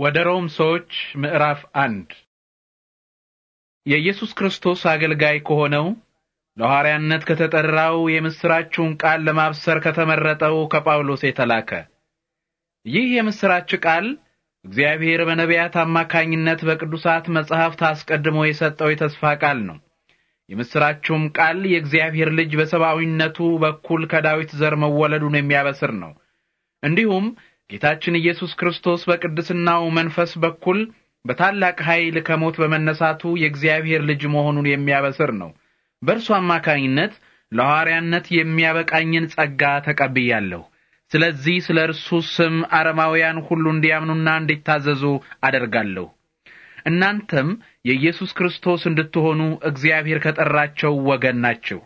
ወደ ሮም ሰዎች ምዕራፍ አንድ የኢየሱስ ክርስቶስ አገልጋይ ከሆነው ለሐዋርያነት ከተጠራው የምስራችሁን ቃል ለማብሰር ከተመረጠው ከጳውሎስ የተላከ ይህ የምስራች ቃል እግዚአብሔር በነቢያት አማካኝነት በቅዱሳት መጻሕፍት አስቀድሞ የሰጠው የተስፋ ቃል ነው። የምስራችሁም ቃል የእግዚአብሔር ልጅ በሰብአዊነቱ በኩል ከዳዊት ዘር መወለዱን የሚያበስር ነው። እንዲሁም ጌታችን ኢየሱስ ክርስቶስ በቅድስናው መንፈስ በኩል በታላቅ ኃይል ከሞት በመነሳቱ የእግዚአብሔር ልጅ መሆኑን የሚያበስር ነው። በእርሱ አማካኝነት ለሐዋርያነት የሚያበቃኝን ጸጋ ተቀብያለሁ። ስለዚህ ስለ እርሱ ስም አረማውያን ሁሉ እንዲያምኑና እንዲታዘዙ አደርጋለሁ። እናንተም የኢየሱስ ክርስቶስ እንድትሆኑ እግዚአብሔር ከጠራቸው ወገን ናቸው።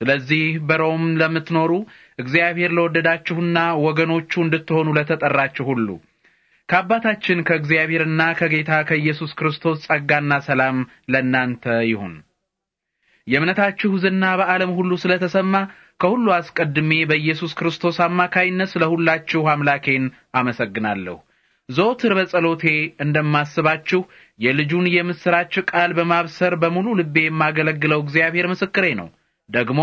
ስለዚህ በሮም ለምትኖሩ እግዚአብሔር ለወደዳችሁና ወገኖቹ እንድትሆኑ ለተጠራችሁ ሁሉ ከአባታችን ከእግዚአብሔርና ከጌታ ከኢየሱስ ክርስቶስ ጸጋና ሰላም ለእናንተ ይሁን። የእምነታችሁ ዝና በዓለም ሁሉ ስለተሰማ ከሁሉ አስቀድሜ በኢየሱስ ክርስቶስ አማካይነት ስለ ሁላችሁ አምላኬን አመሰግናለሁ። ዘወትር በጸሎቴ እንደማስባችሁ የልጁን የምሥራች ቃል በማብሰር በሙሉ ልቤ የማገለግለው እግዚአብሔር ምስክሬ ነው። ደግሞ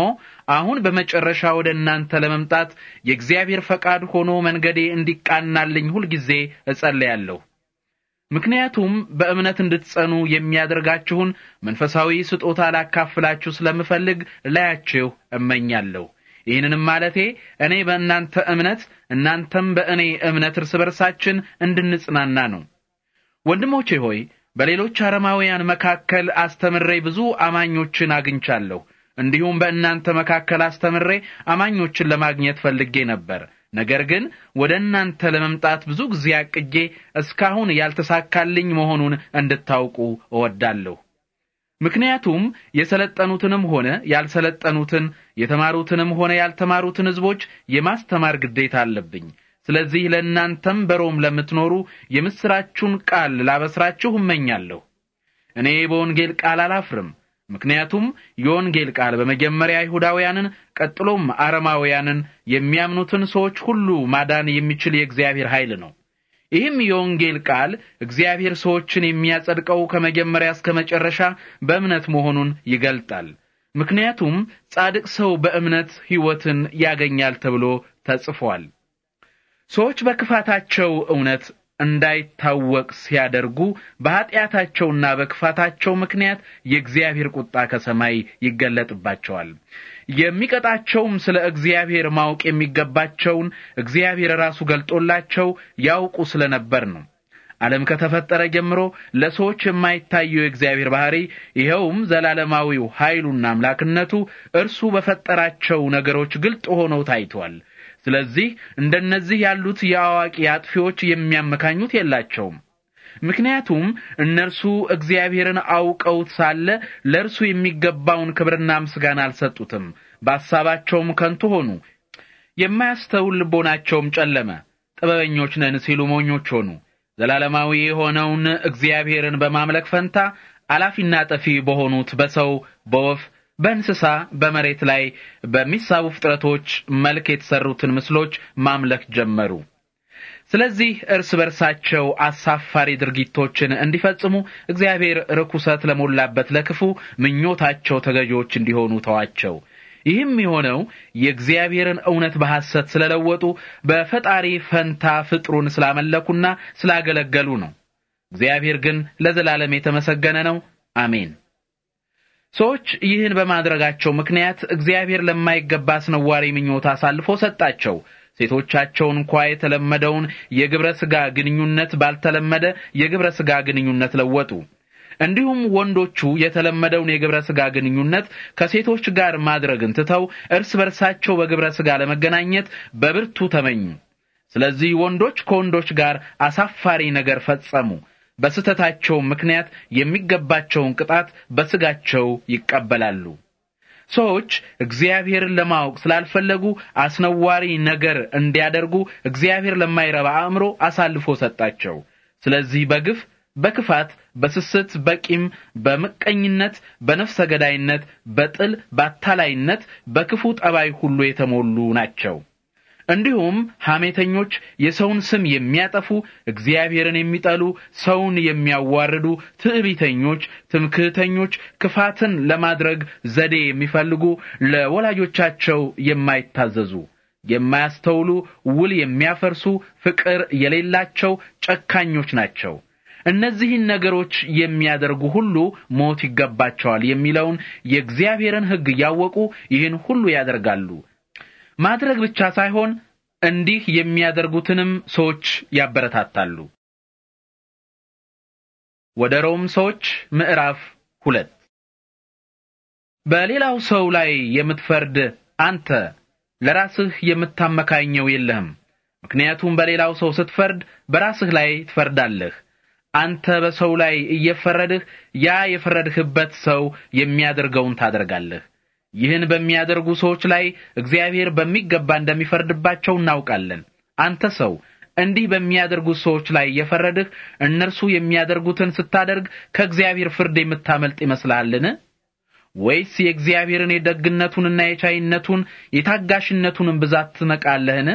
አሁን በመጨረሻ ወደ እናንተ ለመምጣት የእግዚአብሔር ፈቃድ ሆኖ መንገዴ እንዲቃናልኝ ሁልጊዜ እጸለያለሁ። ምክንያቱም በእምነት እንድትጸኑ የሚያደርጋችሁን መንፈሳዊ ስጦታ ላካፍላችሁ ስለምፈልግ ላያችሁ እመኛለሁ። ይህንንም ማለቴ እኔ በእናንተ እምነት፣ እናንተም በእኔ እምነት እርስ በርሳችን እንድንጽናና ነው። ወንድሞቼ ሆይ በሌሎች አረማውያን መካከል አስተምሬ ብዙ አማኞችን አግኝቻለሁ። እንዲሁም በእናንተ መካከል አስተምሬ አማኞችን ለማግኘት ፈልጌ ነበር። ነገር ግን ወደ እናንተ ለመምጣት ብዙ ጊዜ አቅጄ እስካሁን ያልተሳካልኝ መሆኑን እንድታውቁ እወዳለሁ። ምክንያቱም የሰለጠኑትንም ሆነ ያልሰለጠኑትን፣ የተማሩትንም ሆነ ያልተማሩትን ሕዝቦች የማስተማር ግዴታ አለብኝ። ስለዚህ ለእናንተም በሮም ለምትኖሩ የምሥራችሁን ቃል ላበስራችሁ እመኛለሁ። እኔ በወንጌል ቃል አላፍርም። ምክንያቱም የወንጌል ቃል በመጀመሪያ አይሁዳውያንን ቀጥሎም አረማውያንን የሚያምኑትን ሰዎች ሁሉ ማዳን የሚችል የእግዚአብሔር ኃይል ነው። ይህም የወንጌል ቃል እግዚአብሔር ሰዎችን የሚያጸድቀው ከመጀመሪያ እስከ መጨረሻ በእምነት መሆኑን ይገልጣል። ምክንያቱም ጻድቅ ሰው በእምነት ሕይወትን ያገኛል ተብሎ ተጽፏል። ሰዎች በክፋታቸው እውነት እንዳይታወቅ ሲያደርጉ በኃጢአታቸውና በክፋታቸው ምክንያት የእግዚአብሔር ቁጣ ከሰማይ ይገለጥባቸዋል። የሚቀጣቸውም ስለ እግዚአብሔር ማወቅ የሚገባቸውን እግዚአብሔር ራሱ ገልጦላቸው ያውቁ ስለነበር ነው። ዓለም ከተፈጠረ ጀምሮ ለሰዎች የማይታየው የእግዚአብሔር ባህሪ ይኸውም ዘላለማዊው ኃይሉና አምላክነቱ እርሱ በፈጠራቸው ነገሮች ግልጥ ሆነው ታይቷል። ስለዚህ እንደነዚህ ያሉት የአዋቂ አጥፊዎች የሚያመካኙት የላቸውም። ምክንያቱም እነርሱ እግዚአብሔርን አውቀውት ሳለ ለእርሱ የሚገባውን ክብርና ምስጋና አልሰጡትም። በሐሳባቸውም ከንቱ ሆኑ፣ የማያስተውል ልቦናቸውም ጨለመ። ጥበበኞች ነን ሲሉ ሞኞች ሆኑ። ዘላለማዊ የሆነውን እግዚአብሔርን በማምለክ ፈንታ አላፊና ጠፊ በሆኑት በሰው በወፍ በእንስሳ በመሬት ላይ በሚሳቡ ፍጥረቶች መልክ የተሰሩትን ምስሎች ማምለክ ጀመሩ። ስለዚህ እርስ በርሳቸው አሳፋሪ ድርጊቶችን እንዲፈጽሙ እግዚአብሔር ርኩሰት ለሞላበት ለክፉ ምኞታቸው ተገዢዎች እንዲሆኑ ተዋቸው። ይህም የሆነው የእግዚአብሔርን እውነት በሐሰት ስለለወጡ በፈጣሪ ፈንታ ፍጥሩን ስላመለኩና ስላገለገሉ ነው። እግዚአብሔር ግን ለዘላለም የተመሰገነ ነው። አሜን። ሰዎች ይህን በማድረጋቸው ምክንያት እግዚአብሔር ለማይገባ አስነዋሪ ምኞት አሳልፎ ሰጣቸው። ሴቶቻቸውን እንኳ የተለመደውን የግብረ ሥጋ ግንኙነት ባልተለመደ የግብረ ሥጋ ግንኙነት ለወጡ። እንዲሁም ወንዶቹ የተለመደውን የግብረ ሥጋ ግንኙነት ከሴቶች ጋር ማድረግን ትተው እርስ በርሳቸው በግብረ ሥጋ ለመገናኘት በብርቱ ተመኙ። ስለዚህ ወንዶች ከወንዶች ጋር አሳፋሪ ነገር ፈጸሙ። በስተታቸው ምክንያት የሚገባቸውን ቅጣት በስጋቸው ይቀበላሉ። ሰዎች እግዚአብሔርን ለማወቅ ስላልፈለጉ አስነዋሪ ነገር እንዲያደርጉ እግዚአብሔር ለማይረባ አእምሮ አሳልፎ ሰጣቸው። ስለዚህ በግፍ በክፋት፣ በስስት፣ በቂም፣ በምቀኝነት፣ በነፍሰ ገዳይነት፣ በጥል፣ በአታላይነት፣ በክፉ ጠባይ ሁሉ የተሞሉ ናቸው። እንዲሁም ሐሜተኞች፣ የሰውን ስም የሚያጠፉ፣ እግዚአብሔርን የሚጠሉ፣ ሰውን የሚያዋርዱ፣ ትዕቢተኞች፣ ትምክህተኞች፣ ክፋትን ለማድረግ ዘዴ የሚፈልጉ፣ ለወላጆቻቸው የማይታዘዙ፣ የማያስተውሉ፣ ውል የሚያፈርሱ፣ ፍቅር የሌላቸው፣ ጨካኞች ናቸው። እነዚህን ነገሮች የሚያደርጉ ሁሉ ሞት ይገባቸዋል የሚለውን የእግዚአብሔርን ሕግ ያወቁ ይህን ሁሉ ያደርጋሉ። ማድረግ ብቻ ሳይሆን እንዲህ የሚያደርጉትንም ሰዎች ያበረታታሉ። ወደ ሮም ሰዎች ምዕራፍ ሁለት በሌላው ሰው ላይ የምትፈርድ አንተ ለራስህ የምታመካኘው የለህም። ምክንያቱም በሌላው ሰው ስትፈርድ በራስህ ላይ ትፈርዳለህ። አንተ በሰው ላይ እየፈረድህ ያ የፈረድህበት ሰው የሚያደርገውን ታደርጋለህ። ይህን በሚያደርጉ ሰዎች ላይ እግዚአብሔር በሚገባ እንደሚፈርድባቸው እናውቃለን። አንተ ሰው እንዲህ በሚያደርጉት ሰዎች ላይ የፈረድህ እነርሱ የሚያደርጉትን ስታደርግ ከእግዚአብሔር ፍርድ የምታመልጥ ይመስልሃልን? ወይስ የእግዚአብሔርን የደግነቱንና የቻይነቱን የታጋሽነቱንም ብዛት ትነቃለህን?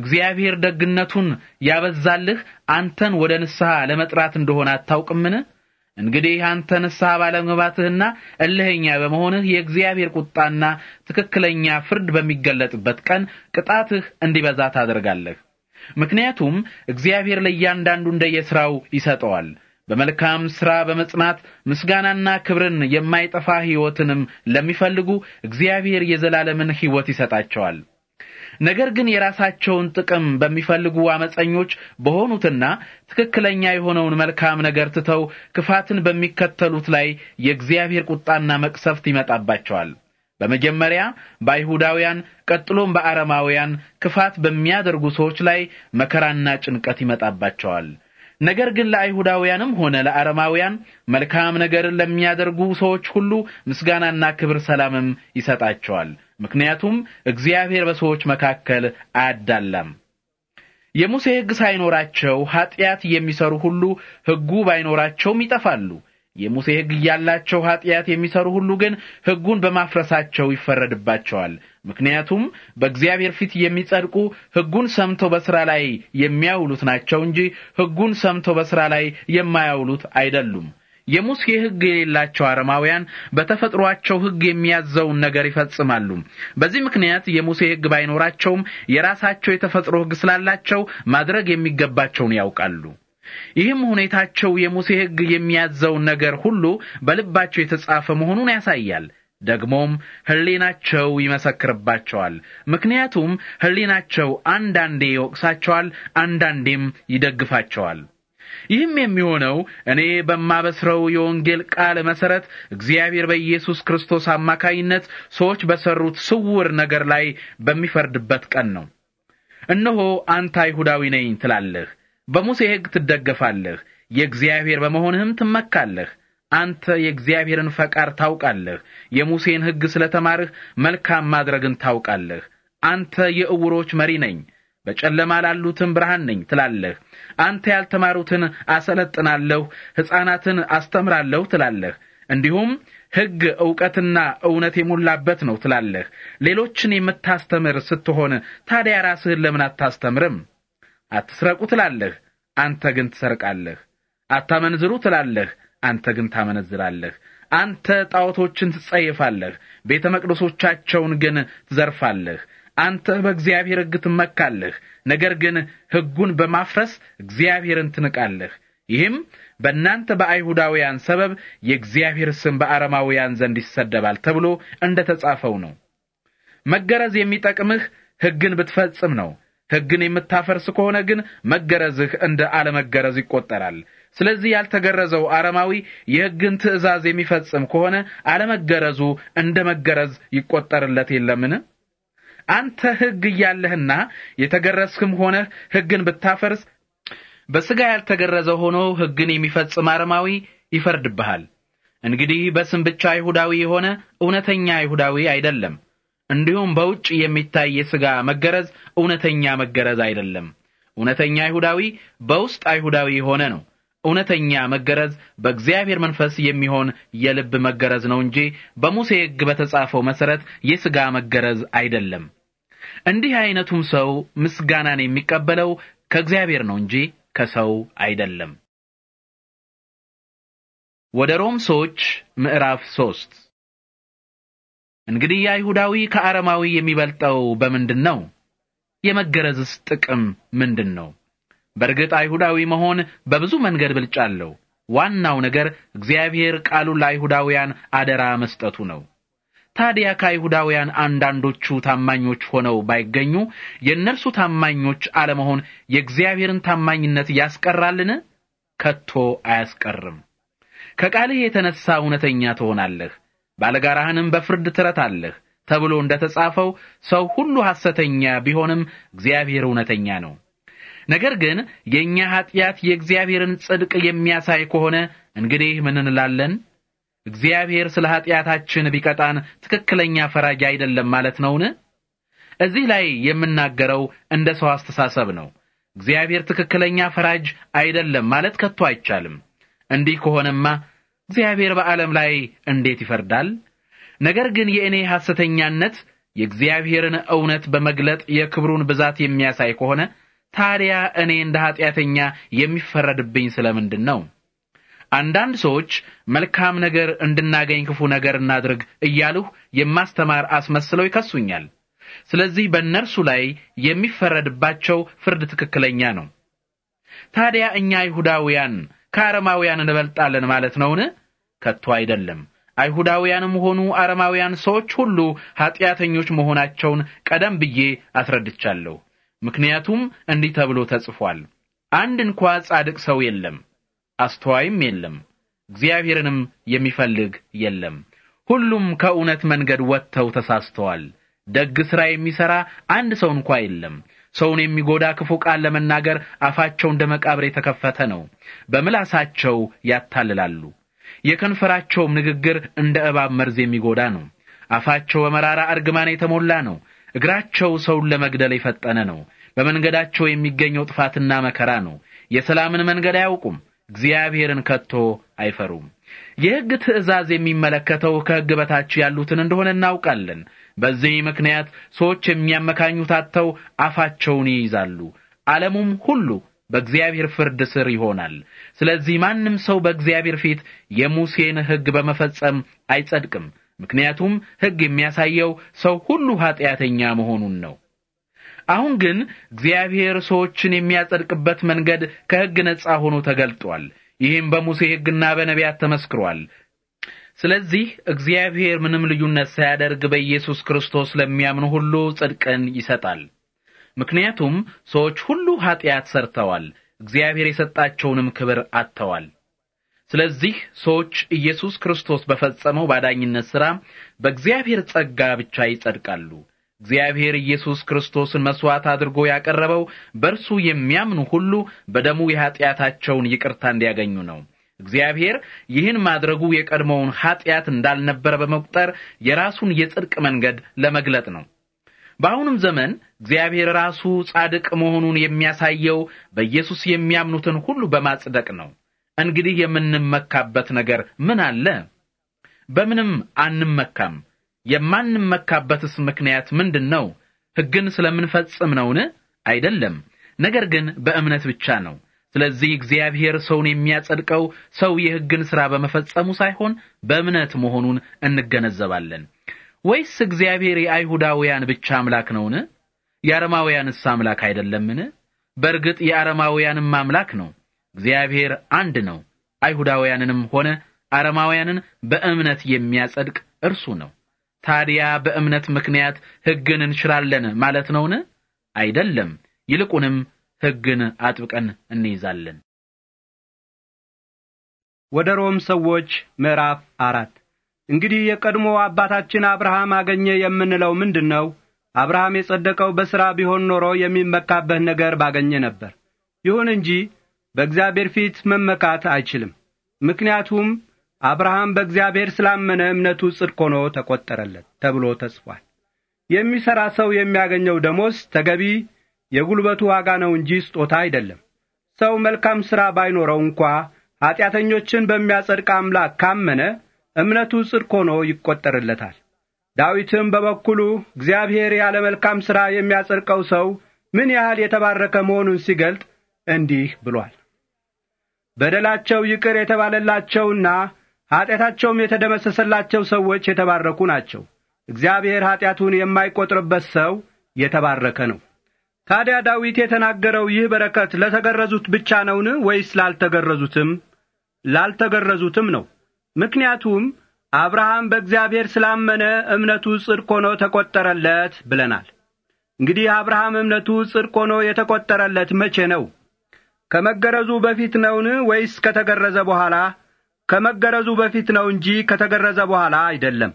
እግዚአብሔር ደግነቱን ያበዛልህ አንተን ወደ ንስሐ ለመጥራት እንደሆነ አታውቅምን? እንግዲህ አንተ ንስሐ ባለመግባትህና እልህኛ በመሆንህ የእግዚአብሔር ቁጣና ትክክለኛ ፍርድ በሚገለጥበት ቀን ቅጣትህ እንዲበዛ ታደርጋለህ። ምክንያቱም እግዚአብሔር ለእያንዳንዱ እንደየሥራው ይሰጠዋል። በመልካም ሥራ በመጽናት ምስጋናና ክብርን የማይጠፋ ሕይወትንም ለሚፈልጉ እግዚአብሔር የዘላለምን ሕይወት ይሰጣቸዋል። ነገር ግን የራሳቸውን ጥቅም በሚፈልጉ አመፀኞች በሆኑትና ትክክለኛ የሆነውን መልካም ነገር ትተው ክፋትን በሚከተሉት ላይ የእግዚአብሔር ቁጣና መቅሰፍት ይመጣባቸዋል። በመጀመሪያ በአይሁዳውያን ቀጥሎም በአረማውያን ክፋት በሚያደርጉ ሰዎች ላይ መከራና ጭንቀት ይመጣባቸዋል። ነገር ግን ለአይሁዳውያንም ሆነ ለአረማውያን መልካም ነገርን ለሚያደርጉ ሰዎች ሁሉ ምስጋናና ክብር ሰላምም ይሰጣቸዋል። ምክንያቱም እግዚአብሔር በሰዎች መካከል አያዳላም። የሙሴ ሕግ ሳይኖራቸው ኃጢአት የሚሰሩ ሁሉ ሕጉ ባይኖራቸውም ይጠፋሉ። የሙሴ ሕግ ያላቸው ኀጢአት የሚሰሩ ሁሉ ግን ሕጉን በማፍረሳቸው ይፈረድባቸዋል። ምክንያቱም በእግዚአብሔር ፊት የሚጸድቁ ሕጉን ሰምተው በሥራ ላይ የሚያውሉት ናቸው እንጂ ሕጉን ሰምተው በሥራ ላይ የማያውሉት አይደሉም። የሙሴ ሕግ የሌላቸው አረማውያን በተፈጥሯቸው ሕግ የሚያዘውን ነገር ይፈጽማሉ። በዚህ ምክንያት የሙሴ ሕግ ባይኖራቸውም የራሳቸው የተፈጥሮ ሕግ ስላላቸው ማድረግ የሚገባቸውን ያውቃሉ። ይህም ሁኔታቸው የሙሴ ሕግ የሚያዘውን ነገር ሁሉ በልባቸው የተጻፈ መሆኑን ያሳያል። ደግሞም ሕሊናቸው ይመሰክርባቸዋል። ምክንያቱም ሕሊናቸው አንዳንዴ ይወቅሳቸዋል፣ አንዳንዴም ይደግፋቸዋል። ይህም የሚሆነው እኔ በማበስረው የወንጌል ቃል መሰረት እግዚአብሔር በኢየሱስ ክርስቶስ አማካይነት ሰዎች በሰሩት ስውር ነገር ላይ በሚፈርድበት ቀን ነው። እነሆ አንተ አይሁዳዊ ነኝ ትላለህ በሙሴ ሕግ ትደገፋለህ፣ የእግዚአብሔር በመሆንህም ትመካለህ። አንተ የእግዚአብሔርን ፈቃድ ታውቃለህ፣ የሙሴን ሕግ ስለተማርህ መልካም ማድረግን ታውቃለህ። አንተ የእውሮች መሪ ነኝ፣ በጨለማ ላሉትም ብርሃን ነኝ ትላለህ። አንተ ያልተማሩትን አሰለጥናለሁ፣ ሕፃናትን አስተምራለሁ ትላለህ። እንዲሁም ሕግ ዕውቀትና እውነት የሞላበት ነው ትላለህ። ሌሎችን የምታስተምር ስትሆን ታዲያ ራስህን ለምን አታስተምርም? አትስረቁ ትላለህ፣ አንተ ግን ትሰርቃለህ። አታመንዝሩ ትላለህ፣ አንተ ግን ታመነዝራለህ። አንተ ጣዖቶችን ትጸይፋለህ፣ ቤተ መቅደሶቻቸውን ግን ትዘርፋለህ። አንተ በእግዚአብሔር ሕግ ትመካለህ፣ ነገር ግን ሕጉን በማፍረስ እግዚአብሔርን ትንቃለህ። ይህም በእናንተ በአይሁዳውያን ሰበብ የእግዚአብሔር ስም በአረማውያን ዘንድ ይሰደባል ተብሎ እንደ ተጻፈው ነው። መገረዝ የሚጠቅምህ ሕግን ብትፈጽም ነው። ሕግን የምታፈርስ ከሆነ ግን መገረዝህ እንደ አለመገረዝ ይቆጠራል። ስለዚህ ያልተገረዘው አረማዊ የሕግን ትእዛዝ የሚፈጽም ከሆነ አለመገረዙ እንደ መገረዝ ይቆጠርለት የለምን? አንተ ሕግ እያለህና የተገረዝክም ሆነህ ሕግን ብታፈርስ በሥጋ ያልተገረዘ ሆኖ ሕግን የሚፈጽም አረማዊ ይፈርድብሃል። እንግዲህ በስም ብቻ አይሁዳዊ የሆነ እውነተኛ አይሁዳዊ አይደለም። እንዲሁም በውጭ የሚታይ የሥጋ መገረዝ እውነተኛ መገረዝ አይደለም። እውነተኛ አይሁዳዊ በውስጥ አይሁዳዊ የሆነ ነው። እውነተኛ መገረዝ በእግዚአብሔር መንፈስ የሚሆን የልብ መገረዝ ነው እንጂ በሙሴ ሕግ በተጻፈው መሠረት የሥጋ መገረዝ አይደለም። እንዲህ አይነቱም ሰው ምስጋናን የሚቀበለው ከእግዚአብሔር ነው እንጂ ከሰው አይደለም። ወደ ሮም ሰዎች ምዕራፍ ሶስት እንግዲህ አይሁዳዊ ከአረማዊ የሚበልጠው በምንድን ነው? የመገረዝስ ጥቅም ምንድን ነው? በእርግጥ አይሁዳዊ መሆን በብዙ መንገድ ብልጫ አለው። ዋናው ነገር እግዚአብሔር ቃሉን ለአይሁዳውያን አደራ መስጠቱ ነው። ታዲያ ከአይሁዳውያን አንዳንዶቹ ታማኞች ሆነው ባይገኙ የእነርሱ ታማኞች አለመሆን የእግዚአብሔርን ታማኝነት ያስቀራልን? ከቶ አያስቀርም። ከቃልህ የተነሳ እውነተኛ ትሆናለህ። ባለጋራህንም በፍርድ ትረታለህ ተብሎ እንደተጻፈው ሰው ሁሉ ሐሰተኛ ቢሆንም እግዚአብሔር እውነተኛ ነው። ነገር ግን የኛ ኀጢአት የእግዚአብሔርን ጽድቅ የሚያሳይ ከሆነ እንግዲህ ምን እንላለን? እግዚአብሔር ስለ ኀጢአታችን ቢቀጣን ትክክለኛ ፈራጅ አይደለም ማለት ነውን? እዚህ ላይ የምናገረው እንደ ሰው አስተሳሰብ ነው። እግዚአብሔር ትክክለኛ ፈራጅ አይደለም ማለት ከቶ አይቻልም። እንዲህ ከሆነማ እግዚአብሔር በዓለም ላይ እንዴት ይፈርዳል? ነገር ግን የእኔ ሐሰተኛነት የእግዚአብሔርን እውነት በመግለጥ የክብሩን ብዛት የሚያሳይ ከሆነ ታዲያ እኔ እንደ ኀጢአተኛ የሚፈረድብኝ ምንድን ነው? አንዳንድ ሰዎች መልካም ነገር እንድናገኝ ክፉ ነገር እናድርግ እያልሁ የማስተማር አስመስለው ይከሱኛል። ስለዚህ በእነርሱ ላይ የሚፈረድባቸው ፍርድ ትክክለኛ ነው። ታዲያ እኛ አይሁዳውያን ከአረማውያን እንበልጣለን ማለት ነውን? ከቶ አይደለም። አይሁዳውያንም ሆኑ አረማውያን ሰዎች ሁሉ ኀጢአተኞች መሆናቸውን ቀደም ብዬ አስረድቻለሁ። ምክንያቱም እንዲህ ተብሎ ተጽፏል፣ አንድ እንኳ ጻድቅ ሰው የለም፣ አስተዋይም የለም፣ እግዚአብሔርንም የሚፈልግ የለም። ሁሉም ከእውነት መንገድ ወጥተው ተሳስተዋል። ደግ ሥራ የሚሠራ አንድ ሰው እንኳ የለም። ሰውን የሚጎዳ ክፉ ቃል ለመናገር አፋቸው እንደ መቃብር የተከፈተ ነው። በምላሳቸው ያታልላሉ። የከንፈራቸውም ንግግር እንደ እባብ መርዝ የሚጎዳ ነው። አፋቸው በመራራ እርግማን የተሞላ ነው። እግራቸው ሰውን ለመግደል የፈጠነ ነው። በመንገዳቸው የሚገኘው ጥፋትና መከራ ነው። የሰላምን መንገድ አያውቁም። እግዚአብሔርን ከቶ አይፈሩም። የሕግ ትእዛዝ የሚመለከተው ከሕግ በታች ያሉትን እንደሆነ እናውቃለን። በዚህ ምክንያት ሰዎች የሚያመካኙት አጥተው አፋቸውን ይይዛሉ። ዓለሙም ሁሉ በእግዚአብሔር ፍርድ ስር ይሆናል። ስለዚህ ማንም ሰው በእግዚአብሔር ፊት የሙሴን ሕግ በመፈጸም አይጸድቅም። ምክንያቱም ሕግ የሚያሳየው ሰው ሁሉ ኀጢአተኛ መሆኑን ነው። አሁን ግን እግዚአብሔር ሰዎችን የሚያጸድቅበት መንገድ ከሕግ ነጻ ሆኖ ተገልጧል። ይህም በሙሴ ሕግና በነቢያት ተመስክሯል። ስለዚህ እግዚአብሔር ምንም ልዩነት ሳያደርግ በኢየሱስ ክርስቶስ ለሚያምኑ ሁሉ ጽድቅን ይሰጣል። ምክንያቱም ሰዎች ሁሉ ኀጢአት ሰርተዋል፣ እግዚአብሔር የሰጣቸውንም ክብር አጥተዋል። ስለዚህ ሰዎች ኢየሱስ ክርስቶስ በፈጸመው ባዳኝነት ሥራ በእግዚአብሔር ጸጋ ብቻ ይጸድቃሉ። እግዚአብሔር ኢየሱስ ክርስቶስን መሥዋዕት አድርጎ ያቀረበው በእርሱ የሚያምኑ ሁሉ በደሙ የኀጢአታቸውን ይቅርታ እንዲያገኙ ነው። እግዚአብሔር ይህን ማድረጉ የቀድሞውን ኃጢአት እንዳልነበረ በመቁጠር የራሱን የጽድቅ መንገድ ለመግለጥ ነው። በአሁኑም ዘመን እግዚአብሔር ራሱ ጻድቅ መሆኑን የሚያሳየው በኢየሱስ የሚያምኑትን ሁሉ በማጽደቅ ነው። እንግዲህ የምንመካበት ነገር ምን አለ? በምንም አንመካም። የማንመካበትስ ምክንያት ምንድን ነው? ሕግን ስለምንፈጽም ነውን? አይደለም። ነገር ግን በእምነት ብቻ ነው። ስለዚህ እግዚአብሔር ሰውን የሚያጸድቀው ሰው የሕግን ሥራ በመፈጸሙ ሳይሆን በእምነት መሆኑን እንገነዘባለን። ወይስ እግዚአብሔር የአይሁዳውያን ብቻ አምላክ ነውን? የአረማውያንስ አምላክ አይደለምን? በእርግጥ የአረማውያንም አምላክ ነው። እግዚአብሔር አንድ ነው። አይሁዳውያንንም ሆነ አረማውያንን በእምነት የሚያጸድቅ እርሱ ነው። ታዲያ በእምነት ምክንያት ሕግን እንሽራለን ማለት ነውን? አይደለም። ይልቁንም ሕግን አጥብቀን እንይዛለን። ወደ ሮም ሰዎች ምዕራፍ አራት እንግዲህ የቀድሞ አባታችን አብርሃም አገኘ የምንለው ምንድን ነው? አብርሃም የጸደቀው በሥራ ቢሆን ኖሮ የሚመካበት ነገር ባገኘ ነበር። ይሁን እንጂ በእግዚአብሔር ፊት መመካት አይችልም። ምክንያቱም አብርሃም በእግዚአብሔር ስላመነ እምነቱ ጽድቅ ሆኖ ተቈጠረለት ተብሎ ተጽፏል። የሚሠራ ሰው የሚያገኘው ደሞዝ ተገቢ የጉልበቱ ዋጋ ነው እንጂ ስጦታ አይደለም። ሰው መልካም ሥራ ባይኖረው እንኳ ኀጢአተኞችን በሚያጸድቅ አምላክ ካመነ እምነቱ ጽድቅ ሆኖ ይቈጠርለታል። ዳዊትም በበኩሉ እግዚአብሔር ያለ መልካም ሥራ የሚያጸድቀው ሰው ምን ያህል የተባረከ መሆኑን ሲገልጥ እንዲህ ብሏል። በደላቸው ይቅር የተባለላቸውና ኀጢአታቸውም የተደመሰሰላቸው ሰዎች የተባረኩ ናቸው። እግዚአብሔር ኀጢአቱን የማይቈጥርበት ሰው የተባረከ ነው። ታዲያ ዳዊት የተናገረው ይህ በረከት ለተገረዙት ብቻ ነውን ወይስ ላልተገረዙትም? ላልተገረዙትም ነው። ምክንያቱም አብርሃም በእግዚአብሔር ስላመነ እምነቱ ጽድቅ ሆኖ ተቆጠረለት ብለናል። እንግዲህ አብርሃም እምነቱ ጽድቅ ሆኖ የተቆጠረለት መቼ ነው? ከመገረዙ በፊት ነውን ወይስ ከተገረዘ በኋላ? ከመገረዙ በፊት ነው እንጂ ከተገረዘ በኋላ አይደለም።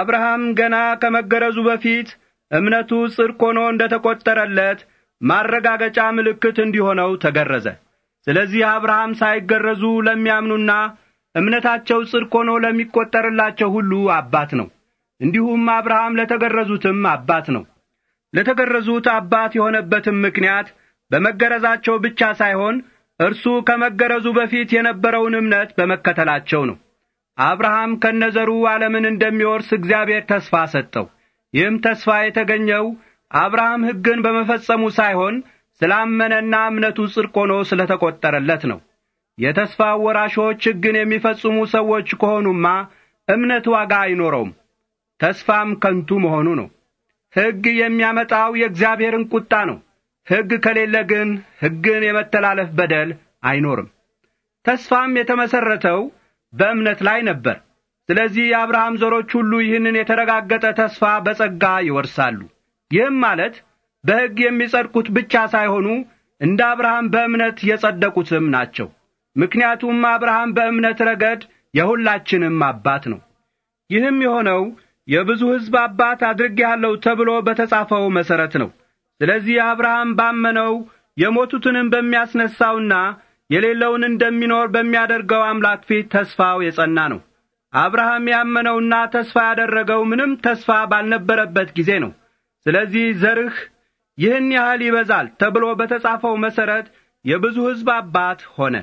አብርሃም ገና ከመገረዙ በፊት እምነቱ ጽድቅ ሆኖ እንደ ተቈጠረለት ማረጋገጫ ምልክት እንዲሆነው ተገረዘ። ስለዚህ አብርሃም ሳይገረዙ ለሚያምኑና እምነታቸው ጽድቅ ሆኖ ለሚቈጠርላቸው ሁሉ አባት ነው። እንዲሁም አብርሃም ለተገረዙትም አባት ነው። ለተገረዙት አባት የሆነበትም ምክንያት በመገረዛቸው ብቻ ሳይሆን እርሱ ከመገረዙ በፊት የነበረውን እምነት በመከተላቸው ነው። አብርሃም ከነዘሩ ዓለምን እንደሚወርስ እግዚአብሔር ተስፋ ሰጠው። ይህም ተስፋ የተገኘው አብርሃም ሕግን በመፈጸሙ ሳይሆን ስላመነና እምነቱ ጽድቅ ሆኖ ስለ ተቈጠረለት ነው። የተስፋ ወራሾች ሕግን የሚፈጽሙ ሰዎች ከሆኑማ እምነት ዋጋ አይኖረውም፣ ተስፋም ከንቱ መሆኑ ነው። ሕግ የሚያመጣው የእግዚአብሔርን ቁጣ ነው። ሕግ ከሌለ ግን ሕግን የመተላለፍ በደል አይኖርም። ተስፋም የተመሠረተው በእምነት ላይ ነበር። ስለዚህ የአብርሃም ዘሮች ሁሉ ይህንን የተረጋገጠ ተስፋ በጸጋ ይወርሳሉ። ይህም ማለት በሕግ የሚጸድቁት ብቻ ሳይሆኑ እንደ አብርሃም በእምነት የጸደቁትም ናቸው። ምክንያቱም አብርሃም በእምነት ረገድ የሁላችንም አባት ነው። ይህም የሆነው የብዙ ሕዝብ አባት አድርጌአለሁ ተብሎ በተጻፈው መሠረት ነው። ስለዚህ አብርሃም ባመነው የሞቱትንም በሚያስነሣውና የሌለውን እንደሚኖር በሚያደርገው አምላክ ፊት ተስፋው የጸና ነው። አብርሃም ያመነውና ተስፋ ያደረገው ምንም ተስፋ ባልነበረበት ጊዜ ነው። ስለዚህ ዘርህ ይህን ያህል ይበዛል ተብሎ በተጻፈው መሠረት የብዙ ሕዝብ አባት ሆነ።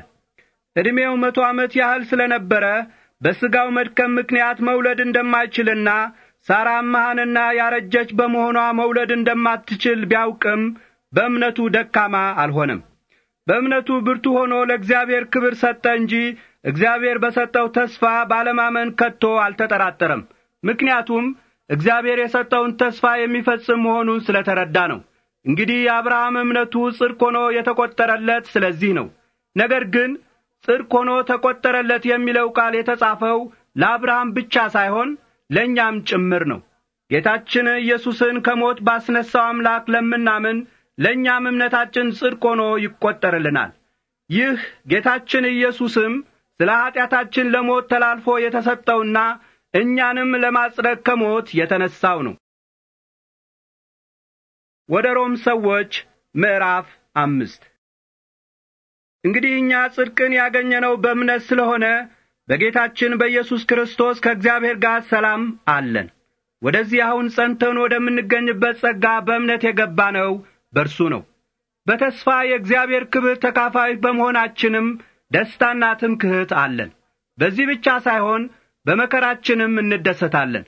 ዕድሜው መቶ ዓመት ያህል ስለ ነበረ በሥጋው መድከም ምክንያት መውለድ እንደማይችልና ሳራም መሃንና ያረጀች በመሆኗ መውለድ እንደማትችል ቢያውቅም በእምነቱ ደካማ አልሆነም። በእምነቱ ብርቱ ሆኖ ለእግዚአብሔር ክብር ሰጠ እንጂ እግዚአብሔር በሰጠው ተስፋ ባለማመን ከቶ አልተጠራጠረም። ምክንያቱም እግዚአብሔር የሰጠውን ተስፋ የሚፈጽም መሆኑን ስለተረዳ ነው። እንግዲህ የአብርሃም እምነቱ ጽድቅ ሆኖ የተቈጠረለት ስለዚህ ነው። ነገር ግን ጽድቅ ሆኖ ተቈጠረለት የሚለው ቃል የተጻፈው ለአብርሃም ብቻ ሳይሆን ለእኛም ጭምር ነው። ጌታችን ኢየሱስን ከሞት ባስነሣው አምላክ ለምናምን ለእኛም እምነታችን ጽድቅ ሆኖ ይቈጠርልናል። ይህ ጌታችን ኢየሱስም ስለ ኀጢአታችን ለሞት ተላልፎ የተሰጠውና እኛንም ለማጽደቅ ከሞት የተነሳው ነው። ወደ ሮም ሰዎች ምዕራፍ አምስት እንግዲህ እኛ ጽድቅን ያገኘነው በእምነት ስለሆነ በጌታችን በኢየሱስ ክርስቶስ ከእግዚአብሔር ጋር ሰላም አለን። ወደዚህ አሁን ጸንተን ወደምንገኝበት ጸጋ በእምነት የገባነው በርሱ ነው። በተስፋ የእግዚአብሔር ክብር ተካፋዮች በመሆናችንም ደስታና ትምክህት አለን። በዚህ ብቻ ሳይሆን በመከራችንም እንደሰታለን፣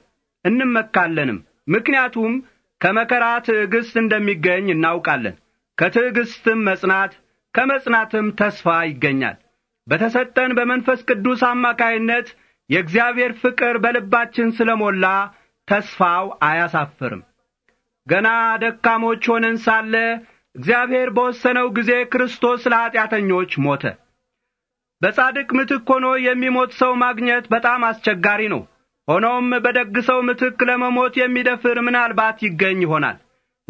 እንመካለንም። ምክንያቱም ከመከራ ትዕግሥት እንደሚገኝ እናውቃለን። ከትዕግሥትም መጽናት፣ ከመጽናትም ተስፋ ይገኛል። በተሰጠን በመንፈስ ቅዱስ አማካይነት የእግዚአብሔር ፍቅር በልባችን ስለሞላ ተስፋው አያሳፍርም። ገና ደካሞች ሆነን ሳለ እግዚአብሔር በወሰነው ጊዜ ክርስቶስ ለኀጢአተኞች ሞተ። በጻድቅ ምትክ ሆኖ የሚሞት ሰው ማግኘት በጣም አስቸጋሪ ነው። ሆኖም በደግ ሰው ምትክ ለመሞት የሚደፍር ምናልባት ይገኝ ይሆናል።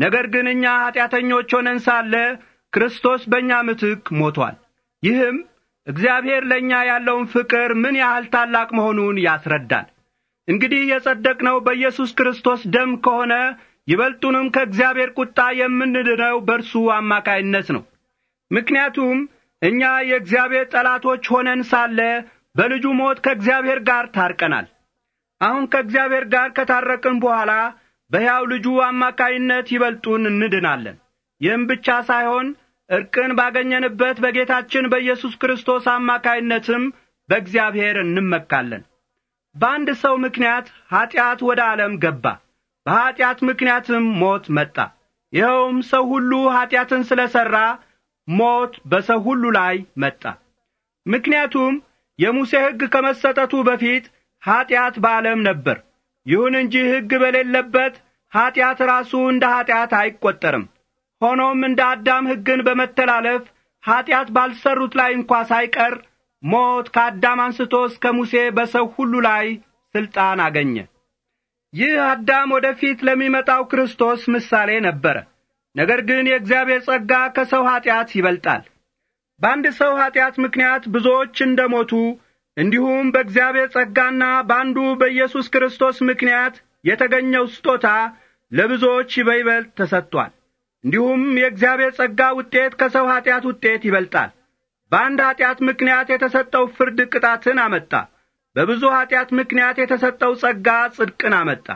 ነገር ግን እኛ ኀጢአተኞች ሆነን ሳለ ክርስቶስ በእኛ ምትክ ሞቷል። ይህም እግዚአብሔር ለእኛ ያለውን ፍቅር ምን ያህል ታላቅ መሆኑን ያስረዳል። እንግዲህ የጸደቅነው በኢየሱስ ክርስቶስ ደም ከሆነ ይበልጡንም ከእግዚአብሔር ቁጣ የምንድነው በእርሱ አማካይነት ነው። ምክንያቱም እኛ የእግዚአብሔር ጠላቶች ሆነን ሳለ በልጁ ሞት ከእግዚአብሔር ጋር ታርቀናል። አሁን ከእግዚአብሔር ጋር ከታረቅን በኋላ በሕያው ልጁ አማካይነት ይበልጡን እንድናለን። ይህም ብቻ ሳይሆን ዕርቅን ባገኘንበት በጌታችን በኢየሱስ ክርስቶስ አማካይነትም በእግዚአብሔር እንመካለን። በአንድ ሰው ምክንያት ኀጢአት ወደ ዓለም ገባ፣ በኀጢአት ምክንያትም ሞት መጣ። ይኸውም ሰው ሁሉ ኀጢአትን ስለ ሠራ ሞት በሰው ሁሉ ላይ መጣ። ምክንያቱም የሙሴ ሕግ ከመሰጠቱ በፊት ኀጢአት በዓለም ነበር። ይሁን እንጂ ሕግ በሌለበት ኀጢአት ራሱ እንደ ኀጢአት አይቈጠርም። ሆኖም እንደ አዳም ሕግን በመተላለፍ ኀጢአት ባልሠሩት ላይ እንኳ ሳይቀር ሞት ከአዳም አንስቶ እስከ ሙሴ በሰው ሁሉ ላይ ሥልጣን አገኘ። ይህ አዳም ወደፊት ለሚመጣው ክርስቶስ ምሳሌ ነበረ። ነገር ግን የእግዚአብሔር ጸጋ ከሰው ኀጢአት ይበልጣል። በአንድ ሰው ኀጢአት ምክንያት ብዙዎች እንደ ሞቱ እንዲሁም በእግዚአብሔር ጸጋና በአንዱ በኢየሱስ ክርስቶስ ምክንያት የተገኘው ስጦታ ለብዙዎች በይበልጥ ተሰጥቷል። እንዲሁም የእግዚአብሔር ጸጋ ውጤት ከሰው ኀጢአት ውጤት ይበልጣል። በአንድ ኀጢአት ምክንያት የተሰጠው ፍርድ ቅጣትን አመጣ። በብዙ ኀጢአት ምክንያት የተሰጠው ጸጋ ጽድቅን አመጣ።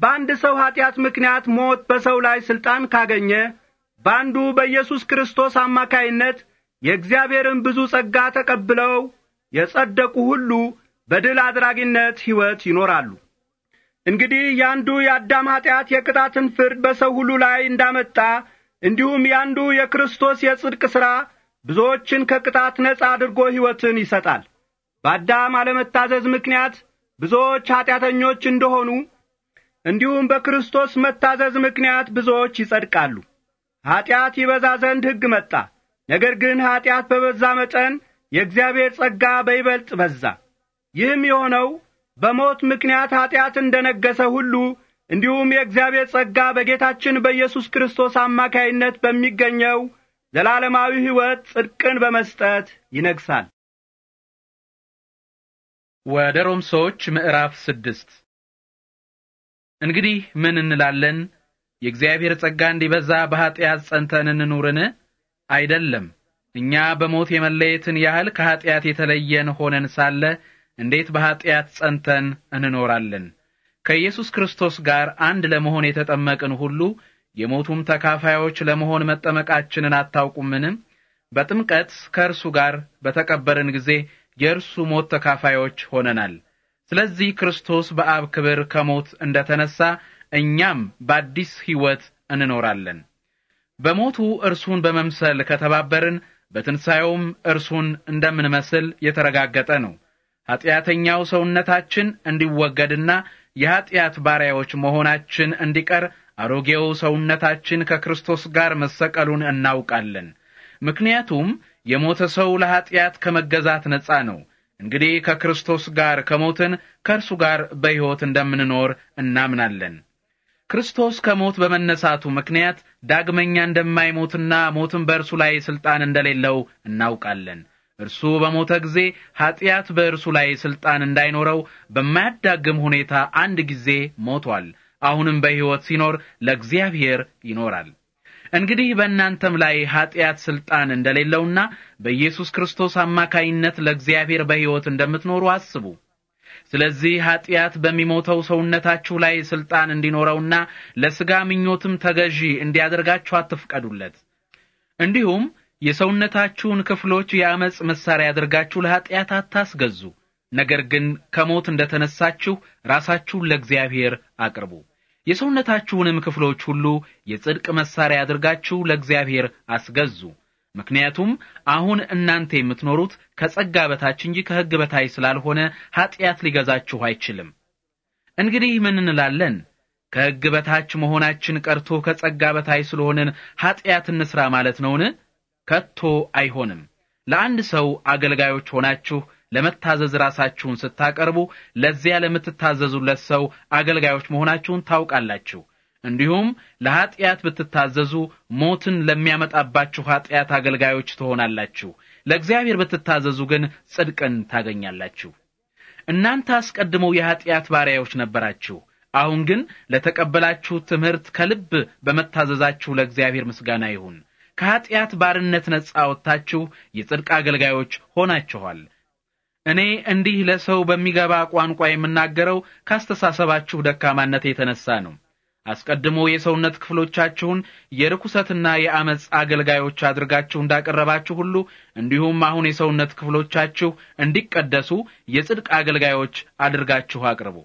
በአንድ ሰው ኀጢአት ምክንያት ሞት በሰው ላይ ሥልጣን ካገኘ በአንዱ በኢየሱስ ክርስቶስ አማካይነት የእግዚአብሔርን ብዙ ጸጋ ተቀብለው የጸደቁ ሁሉ በድል አድራጊነት ሕይወት ይኖራሉ። እንግዲህ ያንዱ የአዳም ኀጢአት የቅጣትን ፍርድ በሰው ሁሉ ላይ እንዳመጣ እንዲሁም ያንዱ የክርስቶስ የጽድቅ ሥራ ብዙዎችን ከቅጣት ነጻ አድርጎ ሕይወትን ይሰጣል። በአዳም አለመታዘዝ ምክንያት ብዙዎች ኀጢአተኞች እንደሆኑ እንዲሁም በክርስቶስ መታዘዝ ምክንያት ብዙዎች ይጸድቃሉ። ኀጢአት ይበዛ ዘንድ ሕግ መጣ። ነገር ግን ኀጢአት በበዛ መጠን የእግዚአብሔር ጸጋ በይበልጥ በዛ። ይህም የሆነው በሞት ምክንያት ኀጢአት እንደ ነገሰ ሁሉ እንዲሁም የእግዚአብሔር ጸጋ በጌታችን በኢየሱስ ክርስቶስ አማካይነት በሚገኘው ዘላለማዊ ሕይወት ጽድቅን በመስጠት ይነግሣል። ወደ ሮም ሰዎች ምዕራፍ ስድስት እንግዲህ ምን እንላለን? የእግዚአብሔር ጸጋ እንዲበዛ በኃጢአት ጸንተን እንኑርን? አይደለም። እኛ በሞት የመለየትን ያህል ከኃጢአት የተለየን ሆነን ሳለ እንዴት በኃጢአት ጸንተን እንኖራለን? ከኢየሱስ ክርስቶስ ጋር አንድ ለመሆን የተጠመቅን ሁሉ የሞቱም ተካፋዮች ለመሆን መጠመቃችንን አታውቁምን? በጥምቀት ከእርሱ ጋር በተቀበርን ጊዜ የእርሱ ሞት ተካፋዮች ሆነናል። ስለዚህ ክርስቶስ በአብ ክብር ከሞት እንደተነሳ እኛም በአዲስ ሕይወት እንኖራለን። በሞቱ እርሱን በመምሰል ከተባበርን በትንሣኤውም እርሱን እንደምንመስል የተረጋገጠ ነው። ኀጢአተኛው ሰውነታችን እንዲወገድና የኀጢአት ባሪያዎች መሆናችን እንዲቀር አሮጌው ሰውነታችን ከክርስቶስ ጋር መሰቀሉን እናውቃለን። ምክንያቱም የሞተ ሰው ለኀጢአት ከመገዛት ነጻ ነው። እንግዲህ ከክርስቶስ ጋር ከሞትን ከእርሱ ጋር በሕይወት እንደምንኖር እናምናለን። ክርስቶስ ከሞት በመነሳቱ ምክንያት ዳግመኛ እንደማይሞትና ሞትን በእርሱ ላይ ሥልጣን እንደሌለው እናውቃለን። እርሱ በሞተ ጊዜ ኀጢአት በእርሱ ላይ ሥልጣን እንዳይኖረው በማያዳግም ሁኔታ አንድ ጊዜ ሞቷል። አሁንም በሕይወት ሲኖር ለእግዚአብሔር ይኖራል። እንግዲህ በእናንተም ላይ ኀጢአት ሥልጣን እንደሌለውና በኢየሱስ ክርስቶስ አማካይነት ለእግዚአብሔር በሕይወት እንደምትኖሩ አስቡ። ስለዚህ ኀጢአት በሚሞተው ሰውነታችሁ ላይ ሥልጣን እንዲኖረውና ለሥጋ ምኞትም ተገዢ እንዲያደርጋችሁ አትፍቀዱለት። እንዲሁም የሰውነታችሁን ክፍሎች የአመጽ መሳሪያ ያደርጋችሁ ለኀጢአት አታስገዙ። ነገር ግን ከሞት እንደተነሳችሁ ራሳችሁን ለእግዚአብሔር አቅርቡ። የሰውነታችሁንም ክፍሎች ሁሉ የጽድቅ መሳሪያ አድርጋችሁ ለእግዚአብሔር አስገዙ። ምክንያቱም አሁን እናንተ የምትኖሩት ከጸጋ በታች እንጂ ከሕግ በታች ስላልሆነ ኀጢአት ሊገዛችሁ አይችልም። እንግዲህ ምን እንላለን? ከሕግ በታች መሆናችን ቀርቶ ከጸጋ በታች ስለሆንን ኀጢአት እንሥራ ማለት ነውን? ከቶ አይሆንም። ለአንድ ሰው አገልጋዮች ሆናችሁ ለመታዘዝ ራሳችሁን ስታቀርቡ ለዚያ ለምትታዘዙለት ሰው አገልጋዮች መሆናችሁን ታውቃላችሁ። እንዲሁም ለኃጢአት ብትታዘዙ ሞትን ለሚያመጣባችሁ ኃጢአት አገልጋዮች ትሆናላችሁ። ለእግዚአብሔር ብትታዘዙ ግን ጽድቅን ታገኛላችሁ። እናንተ አስቀድመው የኃጢአት ባሪያዎች ነበራችሁ። አሁን ግን ለተቀበላችሁ ትምህርት ከልብ በመታዘዛችሁ ለእግዚአብሔር ምስጋና ይሁን። ከኃጢአት ባርነት ነጻ ወጥታችሁ የጽድቅ አገልጋዮች ሆናችኋል። እኔ እንዲህ ለሰው በሚገባ ቋንቋ የምናገረው ካስተሳሰባችሁ ደካማነት የተነሳ ነው። አስቀድሞ የሰውነት ክፍሎቻችሁን የርኩሰትና የአመፅ አገልጋዮች አድርጋችሁ እንዳቀረባችሁ ሁሉ እንዲሁም አሁን የሰውነት ክፍሎቻችሁ እንዲቀደሱ የጽድቅ አገልጋዮች አድርጋችሁ አቅርቡ።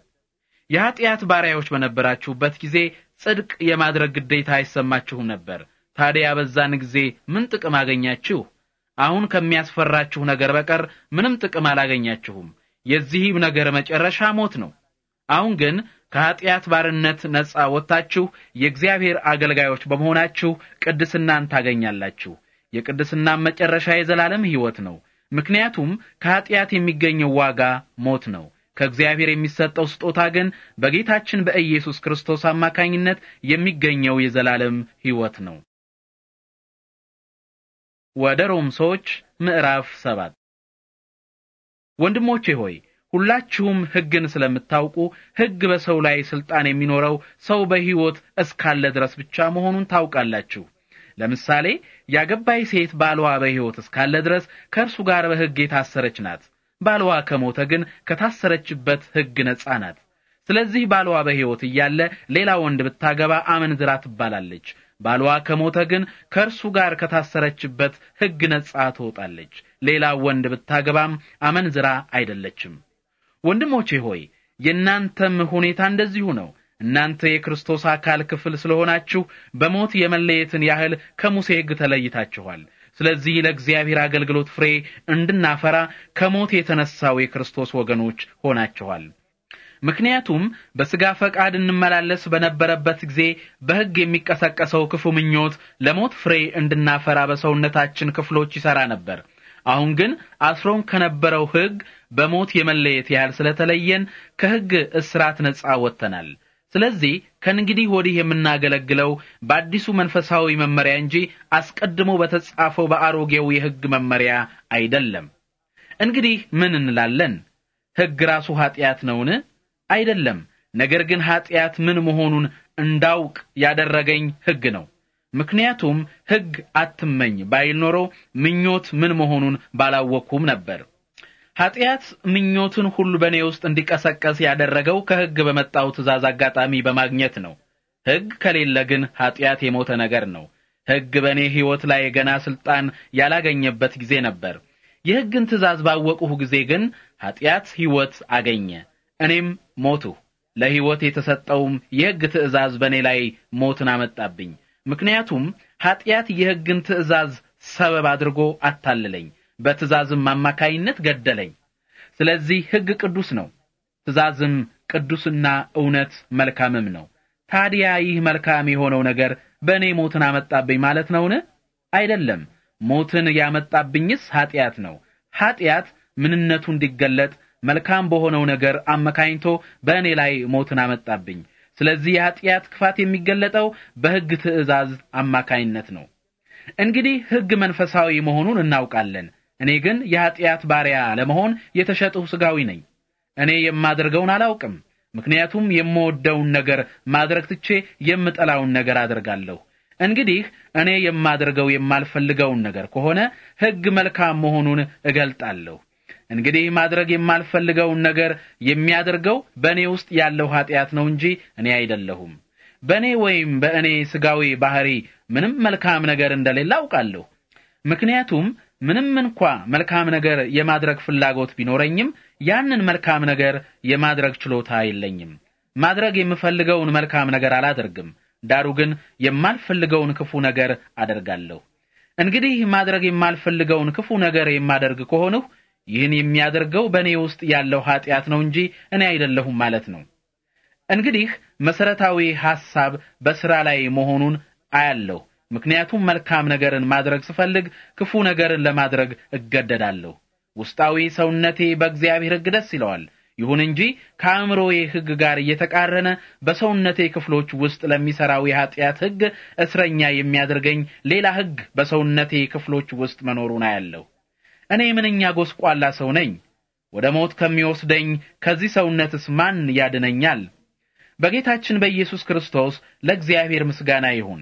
የኀጢአት ባሪያዎች በነበራችሁበት ጊዜ ጽድቅ የማድረግ ግዴታ አይሰማችሁም ነበር። ታዲያ በዛን ጊዜ ምን ጥቅም አገኛችሁ? አሁን ከሚያስፈራችሁ ነገር በቀር ምንም ጥቅም አላገኛችሁም። የዚህም ነገር መጨረሻ ሞት ነው። አሁን ግን ከኀጢአት ባርነት ነጻ ወጥታችሁ የእግዚአብሔር አገልጋዮች በመሆናችሁ ቅድስናን ታገኛላችሁ። የቅድስናን መጨረሻ የዘላለም ሕይወት ነው። ምክንያቱም ከኀጢአት የሚገኘው ዋጋ ሞት ነው። ከእግዚአብሔር የሚሰጠው ስጦታ ግን በጌታችን በኢየሱስ ክርስቶስ አማካኝነት የሚገኘው የዘላለም ሕይወት ነው። ወደ ሮም ሰዎች ምዕራፍ ሰባት ወንድሞቼ ሆይ ሁላችሁም ሕግን ስለምታውቁ ሕግ በሰው ላይ ስልጣን የሚኖረው ሰው በሕይወት እስካለ ድረስ ብቻ መሆኑን ታውቃላችሁ። ለምሳሌ ያገባይ ሴት ባሏ በሕይወት እስካለ ድረስ ከእርሱ ጋር በሕግ የታሰረች ናት። ባልዋ ከሞተ ግን ከታሰረችበት ሕግ ነጻ ናት። ስለዚህ ባልዋ በሕይወት እያለ ሌላ ወንድ ብታገባ አመንዝራ ትባላለች። ባሏ ከሞተ ግን ከእርሱ ጋር ከታሰረችበት ሕግ ነጻ ትወጣለች። ሌላ ወንድ ብታገባም አመንዝራ አይደለችም። ወንድሞቼ ሆይ የእናንተም ሁኔታ እንደዚሁ ነው። እናንተ የክርስቶስ አካል ክፍል ስለሆናችሁ በሞት የመለየትን ያህል ከሙሴ ሕግ ተለይታችኋል። ስለዚህ ለእግዚአብሔር አገልግሎት ፍሬ እንድናፈራ ከሞት የተነሳው የክርስቶስ ወገኖች ሆናችኋል። ምክንያቱም በሥጋ ፈቃድ እንመላለስ በነበረበት ጊዜ በሕግ የሚቀሰቀሰው ክፉ ምኞት ለሞት ፍሬ እንድናፈራ በሰውነታችን ክፍሎች ይሠራ ነበር። አሁን ግን አስሮን ከነበረው ሕግ በሞት የመለየት ያህል ስለተለየን ከሕግ እስራት ነጻ ወጥተናል። ስለዚህ ከእንግዲህ ወዲህ የምናገለግለው በአዲሱ መንፈሳዊ መመሪያ እንጂ አስቀድሞ በተጻፈው በአሮጌው የሕግ መመሪያ አይደለም። እንግዲህ ምን እንላለን? ሕግ ራሱ ኀጢአት ነውን? አይደለም፣ ነገር ግን ኃጢአት ምን መሆኑን እንዳውቅ ያደረገኝ ሕግ ነው። ምክንያቱም ሕግ አትመኝ ባይል ኖሮ ምኞት ምን መሆኑን ባላወቅኩም ነበር። ኃጢአት ምኞትን ሁሉ በእኔ ውስጥ እንዲቀሰቀስ ያደረገው ከሕግ በመጣው ትእዛዝ አጋጣሚ በማግኘት ነው። ሕግ ከሌለ ግን ኃጢአት የሞተ ነገር ነው። ሕግ በእኔ ሕይወት ላይ ገና ስልጣን ያላገኘበት ጊዜ ነበር። የሕግን ትእዛዝ ባወቅሁ ጊዜ ግን ኃጢአት ሕይወት አገኘ። እኔም ሞቱ። ለሕይወት የተሰጠውም የሕግ ትእዛዝ በእኔ ላይ ሞትን አመጣብኝ። ምክንያቱም ኀጢአት የሕግን ትእዛዝ ሰበብ አድርጎ አታለለኝ፣ በትእዛዝም አማካይነት ገደለኝ። ስለዚህ ሕግ ቅዱስ ነው፣ ትእዛዝም ቅዱስና እውነት መልካምም ነው። ታዲያ ይህ መልካም የሆነው ነገር በእኔ ሞትን አመጣብኝ ማለት ነውን? አይደለም። ሞትን ያመጣብኝስ ኀጢአት ነው። ኀጢአት ምንነቱ እንዲገለጥ መልካም በሆነው ነገር አመካኝቶ በእኔ ላይ ሞትን አመጣብኝ። ስለዚህ የኃጢአት ክፋት የሚገለጠው በሕግ ትእዛዝ አማካኝነት ነው። እንግዲህ ሕግ መንፈሳዊ መሆኑን እናውቃለን። እኔ ግን የኃጢአት ባሪያ ለመሆን የተሸጥሁ ሥጋዊ ነኝ። እኔ የማደርገውን አላውቅም። ምክንያቱም የምወደውን ነገር ማድረግ ትቼ የምጠላውን ነገር አደርጋለሁ። እንግዲህ እኔ የማደርገው የማልፈልገውን ነገር ከሆነ ሕግ መልካም መሆኑን እገልጣለሁ። እንግዲህ ማድረግ የማልፈልገውን ነገር የሚያደርገው በእኔ ውስጥ ያለው ኃጢአት ነው እንጂ እኔ አይደለሁም። በእኔ ወይም በእኔ ስጋዊ ባህሪ ምንም መልካም ነገር እንደሌለ አውቃለሁ። ምክንያቱም ምንም እንኳ መልካም ነገር የማድረግ ፍላጎት ቢኖረኝም ያንን መልካም ነገር የማድረግ ችሎታ የለኝም። ማድረግ የምፈልገውን መልካም ነገር አላደርግም። ዳሩ ግን የማልፈልገውን ክፉ ነገር አደርጋለሁ። እንግዲህ ማድረግ የማልፈልገውን ክፉ ነገር የማደርግ ከሆንሁ ይህን የሚያደርገው በእኔ ውስጥ ያለው ኃጢአት ነው እንጂ እኔ አይደለሁም ማለት ነው። እንግዲህ መሰረታዊ ሐሳብ በሥራ ላይ መሆኑን አያለሁ። ምክንያቱም መልካም ነገርን ማድረግ ስፈልግ ክፉ ነገርን ለማድረግ እገደዳለሁ። ውስጣዊ ሰውነቴ በእግዚአብሔር ሕግ ደስ ይለዋል። ይሁን እንጂ ከአእምሮዬ ሕግ ጋር እየተቃረነ በሰውነቴ ክፍሎች ውስጥ ለሚሠራው የኀጢአት ሕግ እስረኛ የሚያደርገኝ ሌላ ሕግ በሰውነቴ ክፍሎች ውስጥ መኖሩን አያለሁ። እኔ ምንኛ ጎስቋላ ሰው ነኝ! ወደ ሞት ከሚወስደኝ ከዚህ ሰውነትስ ማን ያድነኛል? በጌታችን በኢየሱስ ክርስቶስ ለእግዚአብሔር ምስጋና ይሁን።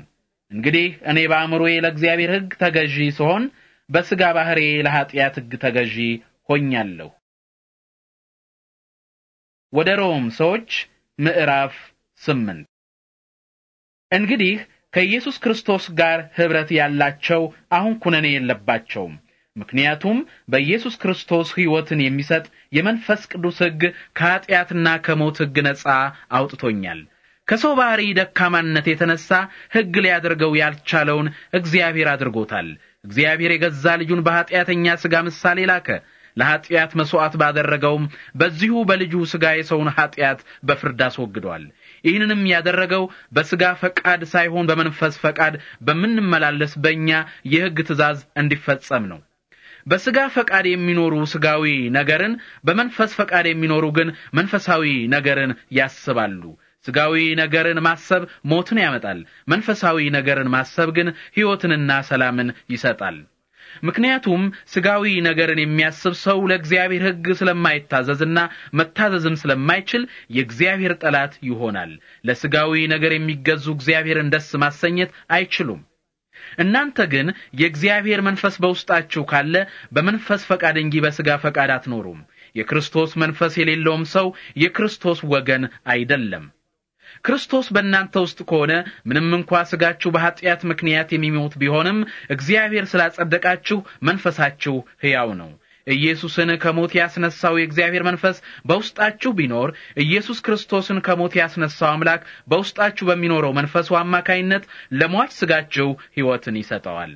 እንግዲህ እኔ በአእምሮዬ ለእግዚአብሔር ሕግ ተገዢ ስሆን፣ በሥጋ ባሕሬ ለኀጢአት ሕግ ተገዢ ሆኛለሁ። ወደ ሮም ሰዎች ምዕራፍ ስምንት እንግዲህ ከኢየሱስ ክርስቶስ ጋር ኅብረት ያላቸው አሁን ኩነኔ የለባቸውም። ምክንያቱም በኢየሱስ ክርስቶስ ሕይወትን የሚሰጥ የመንፈስ ቅዱስ ሕግ ከኀጢአትና ከሞት ሕግ ነጻ አውጥቶኛል። ከሰው ባህሪ ደካማነት የተነሳ ሕግ ሊያደርገው ያልቻለውን እግዚአብሔር አድርጎታል። እግዚአብሔር የገዛ ልጁን በኀጢአተኛ ሥጋ ምሳሌ ላከ። ለኀጢአት መሥዋዕት ባደረገውም በዚሁ በልጁ ሥጋ የሰውን ኀጢአት በፍርድ አስወግዷል። ይህንንም ያደረገው በሥጋ ፈቃድ ሳይሆን በመንፈስ ፈቃድ በምንመላለስ በእኛ የሕግ ትእዛዝ እንዲፈጸም ነው። በስጋ ፈቃድ የሚኖሩ ስጋዊ ነገርን፣ በመንፈስ ፈቃድ የሚኖሩ ግን መንፈሳዊ ነገርን ያስባሉ። ስጋዊ ነገርን ማሰብ ሞትን ያመጣል። መንፈሳዊ ነገርን ማሰብ ግን ሕይወትንና ሰላምን ይሰጣል። ምክንያቱም ስጋዊ ነገርን የሚያስብ ሰው ለእግዚአብሔር ሕግ ስለማይታዘዝና መታዘዝም ስለማይችል የእግዚአብሔር ጠላት ይሆናል። ለስጋዊ ነገር የሚገዙ እግዚአብሔርን ደስ ማሰኘት አይችሉም። እናንተ ግን የእግዚአብሔር መንፈስ በውስጣችሁ ካለ በመንፈስ ፈቃድ እንጂ በሥጋ ፈቃድ አትኖሩም። የክርስቶስ መንፈስ የሌለውም ሰው የክርስቶስ ወገን አይደለም። ክርስቶስ በእናንተ ውስጥ ከሆነ ምንም እንኳ ሥጋችሁ በኀጢአት ምክንያት የሚሞት ቢሆንም እግዚአብሔር ስላጸደቃችሁ መንፈሳችሁ ሕያው ነው። ኢየሱስን ከሞት ያስነሳው የእግዚአብሔር መንፈስ በውስጣችሁ ቢኖር ኢየሱስ ክርስቶስን ከሞት ያስነሳው አምላክ በውስጣችሁ በሚኖረው መንፈሱ አማካይነት ለሟች ሥጋችሁ ሕይወትን ይሰጠዋል።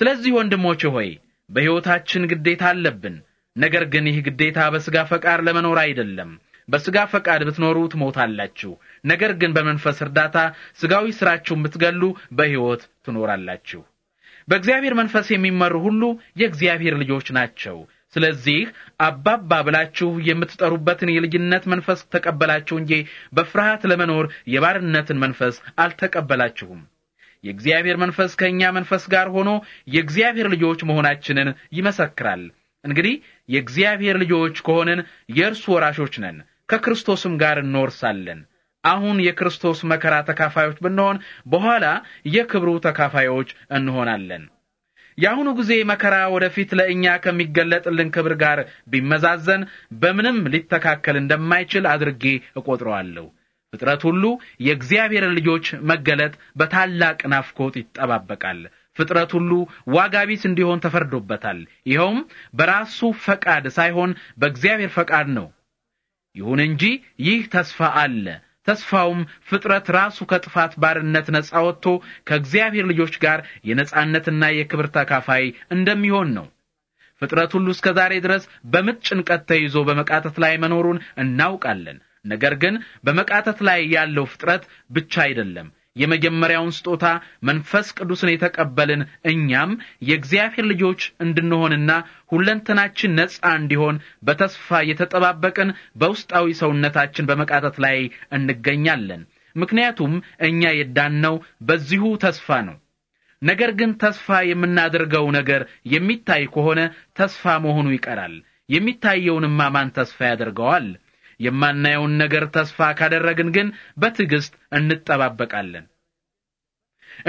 ስለዚህ ወንድሞቼ ሆይ በሕይወታችን ግዴታ አለብን። ነገር ግን ይህ ግዴታ በሥጋ ፈቃድ ለመኖር አይደለም። በሥጋ ፈቃድ ብትኖሩ ትሞታላችሁ። ነገር ግን በመንፈስ እርዳታ ሥጋዊ ሥራችሁን ብትገሉ በሕይወት ትኖራላችሁ። በእግዚአብሔር መንፈስ የሚመሩ ሁሉ የእግዚአብሔር ልጆች ናቸው። ስለዚህ አባባ ብላችሁ የምትጠሩበትን የልጅነት መንፈስ ተቀበላችሁ እንጂ በፍርሃት ለመኖር የባርነትን መንፈስ አልተቀበላችሁም። የእግዚአብሔር መንፈስ ከእኛ መንፈስ ጋር ሆኖ የእግዚአብሔር ልጆች መሆናችንን ይመሰክራል። እንግዲህ የእግዚአብሔር ልጆች ከሆንን የእርሱ ወራሾች ነን፣ ከክርስቶስም ጋር እንወርሳለን። አሁን የክርስቶስ መከራ ተካፋዮች ብንሆን በኋላ የክብሩ ተካፋዮች እንሆናለን። የአሁኑ ጊዜ መከራ ወደፊት ለእኛ ከሚገለጥልን ክብር ጋር ቢመዛዘን በምንም ሊተካከል እንደማይችል አድርጌ እቆጥረዋለሁ። ፍጥረት ሁሉ የእግዚአብሔርን ልጆች መገለጥ በታላቅ ናፍቆት ይጠባበቃል። ፍጥረት ሁሉ ዋጋ ቢስ እንዲሆን ተፈርዶበታል። ይኸውም በራሱ ፈቃድ ሳይሆን በእግዚአብሔር ፈቃድ ነው። ይሁን እንጂ ይህ ተስፋ አለ። ተስፋውም ፍጥረት ራሱ ከጥፋት ባርነት ነጻ ወጥቶ ከእግዚአብሔር ልጆች ጋር የነጻነትና የክብር ተካፋይ እንደሚሆን ነው። ፍጥረት ሁሉ እስከ ዛሬ ድረስ በምጥ ጭንቀት ተይዞ በመቃተት ላይ መኖሩን እናውቃለን። ነገር ግን በመቃተት ላይ ያለው ፍጥረት ብቻ አይደለም። የመጀመሪያውን ስጦታ መንፈስ ቅዱስን የተቀበልን እኛም የእግዚአብሔር ልጆች እንድንሆንና ሁለንተናችን ነፃ እንዲሆን በተስፋ የተጠባበቅን በውስጣዊ ሰውነታችን በመቃተት ላይ እንገኛለን። ምክንያቱም እኛ የዳነው በዚሁ ተስፋ ነው። ነገር ግን ተስፋ የምናደርገው ነገር የሚታይ ከሆነ ተስፋ መሆኑ ይቀራል። የሚታየውንማ ማን ተስፋ ያደርገዋል? የማናየውን ነገር ተስፋ ካደረግን ግን በትዕግስት እንጠባበቃለን።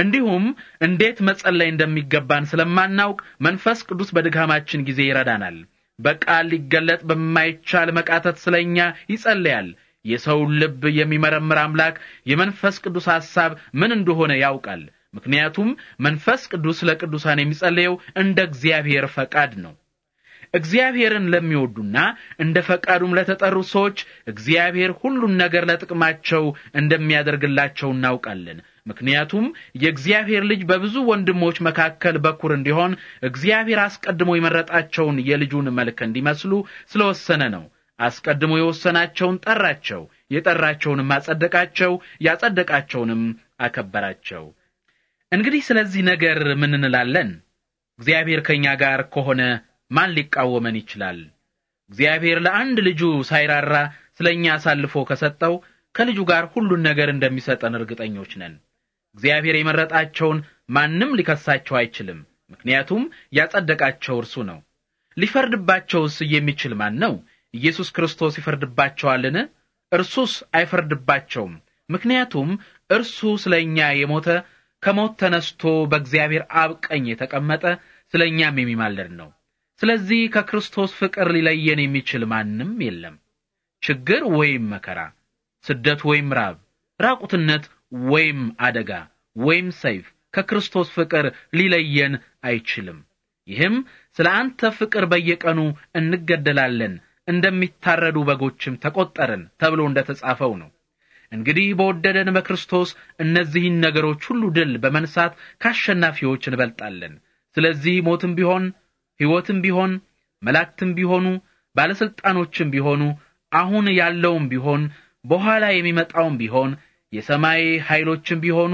እንዲሁም እንዴት መጸለይ እንደሚገባን ስለማናውቅ መንፈስ ቅዱስ በድካማችን ጊዜ ይረዳናል። በቃል ሊገለጥ በማይቻል መቃተት ስለኛ ይጸለያል። የሰውን ልብ የሚመረምር አምላክ የመንፈስ ቅዱስ ሐሳብ ምን እንደሆነ ያውቃል። ምክንያቱም መንፈስ ቅዱስ ለቅዱሳን የሚጸለየው እንደ እግዚአብሔር ፈቃድ ነው። እግዚአብሔርን ለሚወዱና እንደ ፈቃዱም ለተጠሩ ሰዎች እግዚአብሔር ሁሉን ነገር ለጥቅማቸው እንደሚያደርግላቸው እናውቃለን። ምክንያቱም የእግዚአብሔር ልጅ በብዙ ወንድሞች መካከል በኩር እንዲሆን እግዚአብሔር አስቀድሞ የመረጣቸውን የልጁን መልክ እንዲመስሉ ስለወሰነ ነው። አስቀድሞ የወሰናቸውን ጠራቸው፣ የጠራቸውንም አጸደቃቸው፣ ያጸደቃቸውንም አከበራቸው። እንግዲህ ስለዚህ ነገር ምን እንላለን? እግዚአብሔር ከእኛ ጋር ከሆነ ማን ሊቃወመን ይችላል? እግዚአብሔር ለአንድ ልጁ ሳይራራ ስለ እኛ አሳልፎ ከሰጠው ከልጁ ጋር ሁሉን ነገር እንደሚሰጠን እርግጠኞች ነን። እግዚአብሔር የመረጣቸውን ማንም ሊከሳቸው አይችልም፣ ምክንያቱም ያጸደቃቸው እርሱ ነው። ሊፈርድባቸውስ የሚችል ማን ነው? ኢየሱስ ክርስቶስ ይፈርድባቸዋልን? እርሱስ አይፈርድባቸውም፣ ምክንያቱም እርሱ ስለ እኛ የሞተ ከሞት ተነስቶ በእግዚአብሔር አብ ቀኝ የተቀመጠ ስለ እኛም የሚማልድ ነው። ስለዚህ ከክርስቶስ ፍቅር ሊለየን የሚችል ማንም የለም። ችግር ወይም መከራ፣ ስደት ወይም ራብ፣ ራቁትነት ወይም አደጋ ወይም ሰይፍ ከክርስቶስ ፍቅር ሊለየን አይችልም። ይህም ስለ አንተ ፍቅር በየቀኑ እንገደላለን፣ እንደሚታረዱ በጎችም ተቆጠርን ተብሎ እንደተጻፈው ነው። እንግዲህ በወደደን በክርስቶስ እነዚህን ነገሮች ሁሉ ድል በመንሳት ከአሸናፊዎች እንበልጣለን። ስለዚህ ሞትም ቢሆን ሕይወትም ቢሆን መላእክትም ቢሆኑ ባለስልጣኖችም ቢሆኑ አሁን ያለውም ቢሆን በኋላ የሚመጣውም ቢሆን የሰማይ ኃይሎችም ቢሆኑ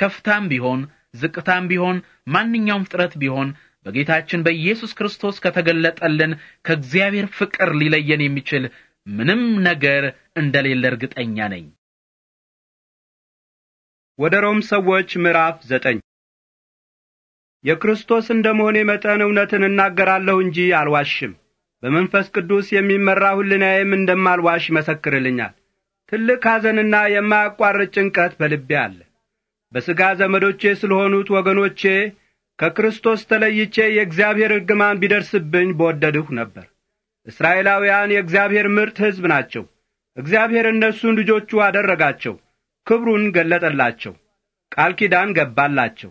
ከፍታም ቢሆን ዝቅታም ቢሆን ማንኛውም ፍጥረት ቢሆን በጌታችን በኢየሱስ ክርስቶስ ከተገለጠልን ከእግዚአብሔር ፍቅር ሊለየን የሚችል ምንም ነገር እንደሌለ እርግጠኛ ነኝ። ወደ ሮም ሰዎች ምዕራፍ ዘጠኝ የክርስቶስ እንደ መሆኔ መጠን እውነትን እናገራለሁ እንጂ አልዋሽም። በመንፈስ ቅዱስ የሚመራ ሁልናዬም እንደማልዋሽ ይመሰክርልኛል። ትልቅ ሐዘንና የማያቋርጥ ጭንቀት በልቤ አለ። በሥጋ ዘመዶቼ ስለሆኑት ወገኖቼ ከክርስቶስ ተለይቼ የእግዚአብሔር እርግማን ቢደርስብኝ በወደድሁ ነበር። እስራኤላውያን የእግዚአብሔር ምርጥ ሕዝብ ናቸው። እግዚአብሔር እነሱን ልጆቹ አደረጋቸው፣ ክብሩን ገለጠላቸው፣ ቃል ኪዳን ገባላቸው።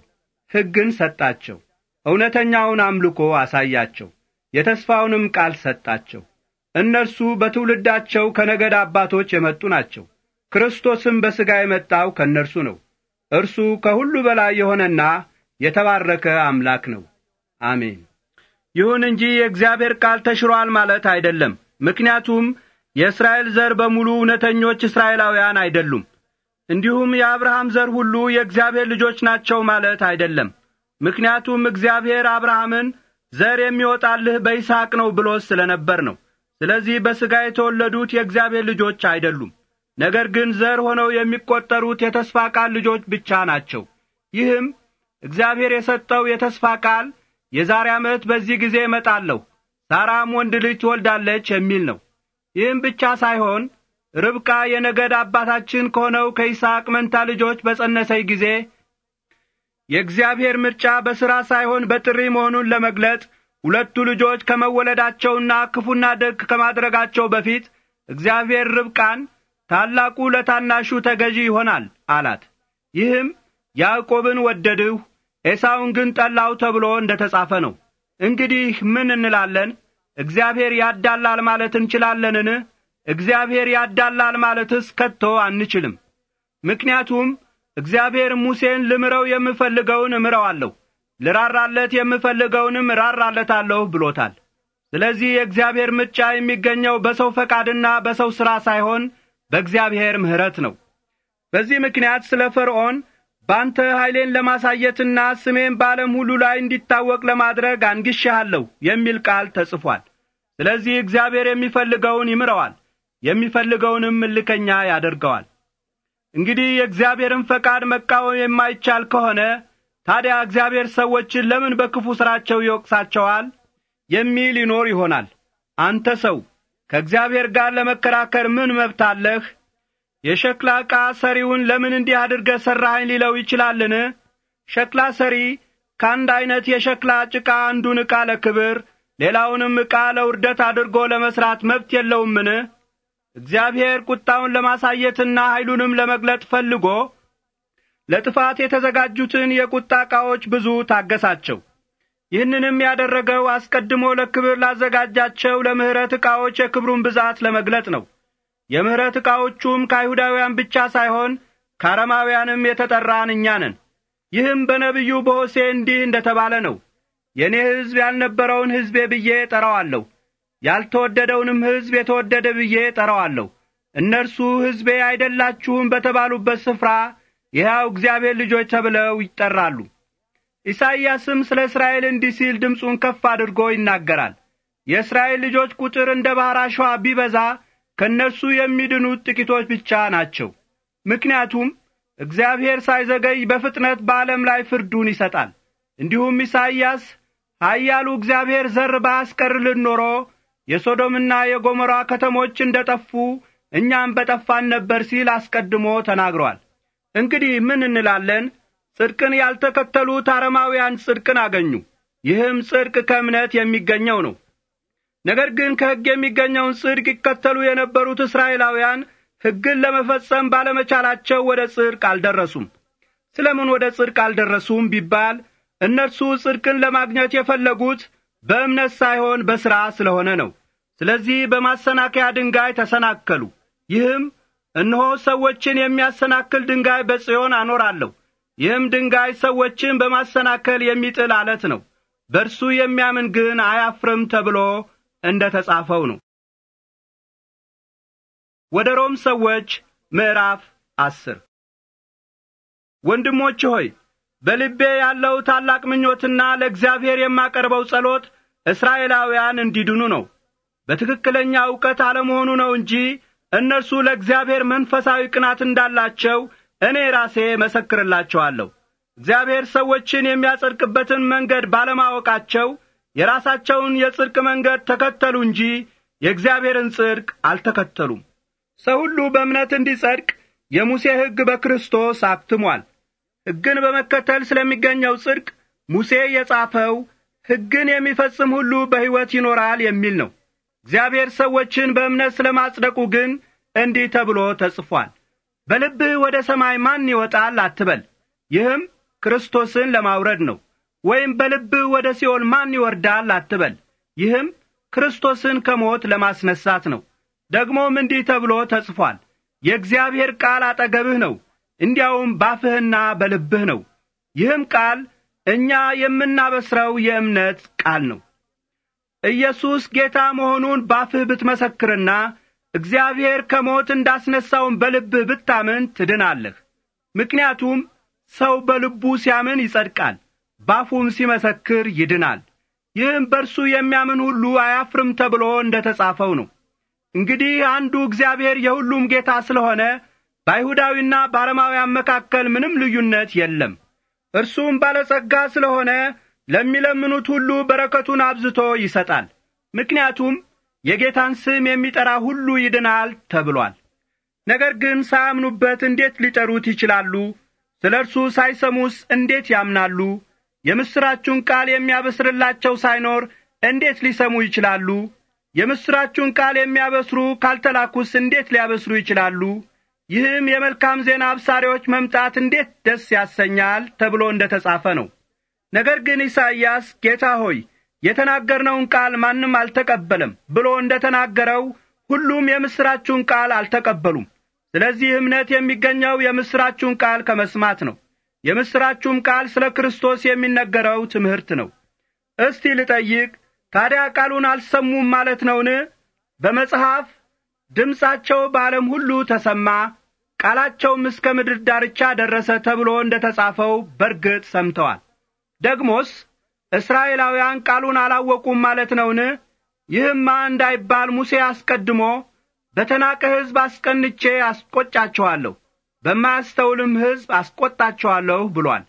ሕግን ሰጣቸው። እውነተኛውን አምልኮ አሳያቸው። የተስፋውንም ቃል ሰጣቸው። እነርሱ በትውልዳቸው ከነገድ አባቶች የመጡ ናቸው። ክርስቶስም በሥጋ የመጣው ከእነርሱ ነው። እርሱ ከሁሉ በላይ የሆነና የተባረከ አምላክ ነው። አሜን። ይሁን እንጂ የእግዚአብሔር ቃል ተሽሯል ማለት አይደለም። ምክንያቱም የእስራኤል ዘር በሙሉ እውነተኞች እስራኤላውያን አይደሉም። እንዲሁም የአብርሃም ዘር ሁሉ የእግዚአብሔር ልጆች ናቸው ማለት አይደለም። ምክንያቱም እግዚአብሔር አብርሃምን ዘር የሚወጣልህ በይስሐቅ ነው ብሎ ስለ ነበር ነው። ስለዚህ በሥጋ የተወለዱት የእግዚአብሔር ልጆች አይደሉም። ነገር ግን ዘር ሆነው የሚቈጠሩት የተስፋ ቃል ልጆች ብቻ ናቸው። ይህም እግዚአብሔር የሰጠው የተስፋ ቃል የዛሬ ዓመት በዚህ ጊዜ እመጣለሁ፣ ሳራም ወንድ ልጅ ትወልዳለች የሚል ነው። ይህም ብቻ ሳይሆን ርብቃ የነገድ አባታችን ከሆነው ከይስሐቅ መንታ ልጆች በጸነሰች ጊዜ የእግዚአብሔር ምርጫ በሥራ ሳይሆን በጥሪ መሆኑን ለመግለጥ ሁለቱ ልጆች ከመወለዳቸውና ክፉና ደግ ከማድረጋቸው በፊት እግዚአብሔር ርብቃን ታላቁ ለታናሹ ተገዢ ይሆናል አላት። ይህም ያዕቆብን ወደድሁ ኤሳውን ግን ጠላው ተብሎ እንደ ተጻፈ ነው። እንግዲህ ምን እንላለን? እግዚአብሔር ያዳላል ማለት እንችላለንን? እግዚአብሔር ያዳላል ማለትስ ከቶ አንችልም። ምክንያቱም እግዚአብሔር ሙሴን ልምረው የምፈልገውን እምረዋለሁ፣ ልራራለት የምፈልገውንም እራራለታለሁ ብሎታል። ስለዚህ የእግዚአብሔር ምርጫ የሚገኘው በሰው ፈቃድና በሰው ሥራ ሳይሆን በእግዚአብሔር ምሕረት ነው። በዚህ ምክንያት ስለ ፈርዖን ባንተ ኃይሌን ለማሳየትና ስሜን በዓለም ሁሉ ላይ እንዲታወቅ ለማድረግ አንግሼሃለሁ የሚል ቃል ተጽፏል። ስለዚህ እግዚአብሔር የሚፈልገውን ይምረዋል። የሚፈልገውንም እልከኛ ያደርገዋል። እንግዲህ የእግዚአብሔርን ፈቃድ መቃወም የማይቻል ከሆነ ታዲያ እግዚአብሔር ሰዎችን ለምን በክፉ ሥራቸው ይወቅሳቸዋል የሚል ይኖር ይሆናል። አንተ ሰው ከእግዚአብሔር ጋር ለመከራከር ምን መብት አለህ? የሸክላ ዕቃ ሰሪውን ለምን እንዲህ አድርገህ ሠራኸኝ ሊለው ይችላልን? ሸክላ ሰሪ ከአንድ ዐይነት የሸክላ ጭቃ አንዱን ዕቃ ለክብር ሌላውንም ዕቃ ለውርደት አድርጎ ለመሥራት መብት የለውምን? እግዚአብሔር ቁጣውን ለማሳየትና ኃይሉንም ለመግለጥ ፈልጎ ለጥፋት የተዘጋጁትን የቁጣ ዕቃዎች ብዙ ታገሳቸው። ይህንንም ያደረገው አስቀድሞ ለክብር ላዘጋጃቸው ለምሕረት ዕቃዎች የክብሩን ብዛት ለመግለጥ ነው። የምሕረት ዕቃዎቹም ከአይሁዳውያን ብቻ ሳይሆን ከአረማውያንም የተጠራን እኛ ነን። ይህም በነቢዩ በሆሴ እንዲህ እንደ ተባለ ነው። የእኔ ሕዝብ ያልነበረውን ሕዝቤ ብዬ ጠራዋለሁ ያልተወደደውንም ሕዝብ የተወደደ ብዬ ጠራዋለሁ። እነርሱ ሕዝቤ አይደላችሁም በተባሉበት ስፍራ የሕያው እግዚአብሔር ልጆች ተብለው ይጠራሉ። ኢሳይያስም ስለ እስራኤል እንዲህ ሲል ድምፁን ከፍ አድርጎ ይናገራል። የእስራኤል ልጆች ቁጥር እንደ ባሕር አሸዋ ቢበዛ ከእነርሱ የሚድኑት ጥቂቶች ብቻ ናቸው። ምክንያቱም እግዚአብሔር ሳይዘገይ በፍጥነት በዓለም ላይ ፍርዱን ይሰጣል። እንዲሁም ኢሳይያስ ኃያሉ እግዚአብሔር ዘር ባያስቀርልን ኖሮ የሶዶምና የጎሞራ ከተሞች እንደ ጠፉ እኛም በጠፋን ነበር ሲል አስቀድሞ ተናግሯል። እንግዲህ ምን እንላለን? ጽድቅን ያልተከተሉት አረማውያን ጽድቅን አገኙ። ይህም ጽድቅ ከእምነት የሚገኘው ነው። ነገር ግን ከሕግ የሚገኘውን ጽድቅ ይከተሉ የነበሩት እስራኤላውያን ሕግን ለመፈጸም ባለመቻላቸው ወደ ጽድቅ አልደረሱም። ስለምን ወደ ጽድቅ አልደረሱም ቢባል እነርሱ ጽድቅን ለማግኘት የፈለጉት በእምነት ሳይሆን በሥራ ስለሆነ ነው። ስለዚህ በማሰናከያ ድንጋይ ተሰናከሉ። ይህም እነሆ ሰዎችን የሚያሰናክል ድንጋይ በጽዮን አኖራለሁ፣ ይህም ድንጋይ ሰዎችን በማሰናከል የሚጥል አለት ነው፣ በእርሱ የሚያምን ግን አያፍርም ተብሎ እንደ ተጻፈው ነው። ወደ ሮም ሰዎች ምዕራፍ አስር ወንድሞች ሆይ በልቤ ያለው ታላቅ ምኞትና ለእግዚአብሔር የማቀርበው ጸሎት እስራኤላውያን እንዲድኑ ነው። በትክክለኛ ዕውቀት አለመሆኑ ነው እንጂ እነርሱ ለእግዚአብሔር መንፈሳዊ ቅናት እንዳላቸው እኔ ራሴ መሰክርላቸዋለሁ። እግዚአብሔር ሰዎችን የሚያጸድቅበትን መንገድ ባለማወቃቸው የራሳቸውን የጽድቅ መንገድ ተከተሉ እንጂ የእግዚአብሔርን ጽድቅ አልተከተሉም። ሰው ሁሉ በእምነት እንዲጸድቅ የሙሴ ሕግ በክርስቶስ አክትሟል። ሕግን በመከተል ስለሚገኘው ጽድቅ ሙሴ የጻፈው ሕግን የሚፈጽም ሁሉ በሕይወት ይኖራል የሚል ነው። እግዚአብሔር ሰዎችን በእምነት ስለ ማጽደቁ ግን እንዲህ ተብሎ ተጽፏል። በልብህ ወደ ሰማይ ማን ይወጣል አትበል፣ ይህም ክርስቶስን ለማውረድ ነው። ወይም በልብህ ወደ ሲኦል ማን ይወርዳል አትበል፣ ይህም ክርስቶስን ከሞት ለማስነሳት ነው። ደግሞም እንዲህ ተብሎ ተጽፏል፣ የእግዚአብሔር ቃል አጠገብህ ነው፣ እንዲያውም ባፍህና በልብህ ነው። ይህም ቃል እኛ የምናበስረው የእምነት ቃል ነው። ኢየሱስ ጌታ መሆኑን ባፍህ ብትመሰክርና እግዚአብሔር ከሞት እንዳስነሣውን በልብህ ብታምን ትድናለህ። ምክንያቱም ሰው በልቡ ሲያምን ይጸድቃል፣ ባፉም ሲመሰክር ይድናል። ይህም በርሱ የሚያምን ሁሉ አያፍርም ተብሎ እንደ ተጻፈው ነው። እንግዲህ አንዱ እግዚአብሔር የሁሉም ጌታ ስለሆነ በአይሁዳዊና በአረማውያን መካከል ምንም ልዩነት የለም። እርሱም ባለጸጋ ስለሆነ ለሚለምኑት ሁሉ በረከቱን አብዝቶ ይሰጣል። ምክንያቱም የጌታን ስም የሚጠራ ሁሉ ይድናል ተብሏል። ነገር ግን ሳያምኑበት እንዴት ሊጠሩት ይችላሉ? ስለ እርሱ ሳይሰሙስ እንዴት ያምናሉ? የምሥራቹን ቃል የሚያበስርላቸው ሳይኖር እንዴት ሊሰሙ ይችላሉ? የምሥራቹን ቃል የሚያበስሩ ካልተላኩስ እንዴት ሊያበስሩ ይችላሉ? ይህም የመልካም ዜና አብሳሪዎች መምጣት እንዴት ደስ ያሰኛል ተብሎ እንደ ተጻፈ ነው። ነገር ግን ኢሳይያስ ጌታ ሆይ የተናገርነውን ቃል ማንም አልተቀበለም ብሎ እንደ ተናገረው ሁሉም የምሥራችሁን ቃል አልተቀበሉም። ስለዚህ እምነት የሚገኘው የምሥራችሁን ቃል ከመስማት ነው። የምሥራችሁም ቃል ስለ ክርስቶስ የሚነገረው ትምህርት ነው። እስቲ ልጠይቅ፣ ታዲያ ቃሉን አልሰሙም ማለት ነውን? በመጽሐፍ ድምፃቸው በዓለም ሁሉ ተሰማ፣ ቃላቸውም እስከ ምድር ዳርቻ ደረሰ ተብሎ እንደ ተጻፈው በርግጥ ሰምተዋል። ደግሞስ እስራኤላውያን ቃሉን አላወቁም ማለት ነውን? ይህማ እንዳይባል ሙሴ አስቀድሞ በተናቀ ሕዝብ አስቀንቼ አስቈጫችኋለሁ፣ በማያስተውልም ሕዝብ አስቈጣችኋለሁ ብሏል።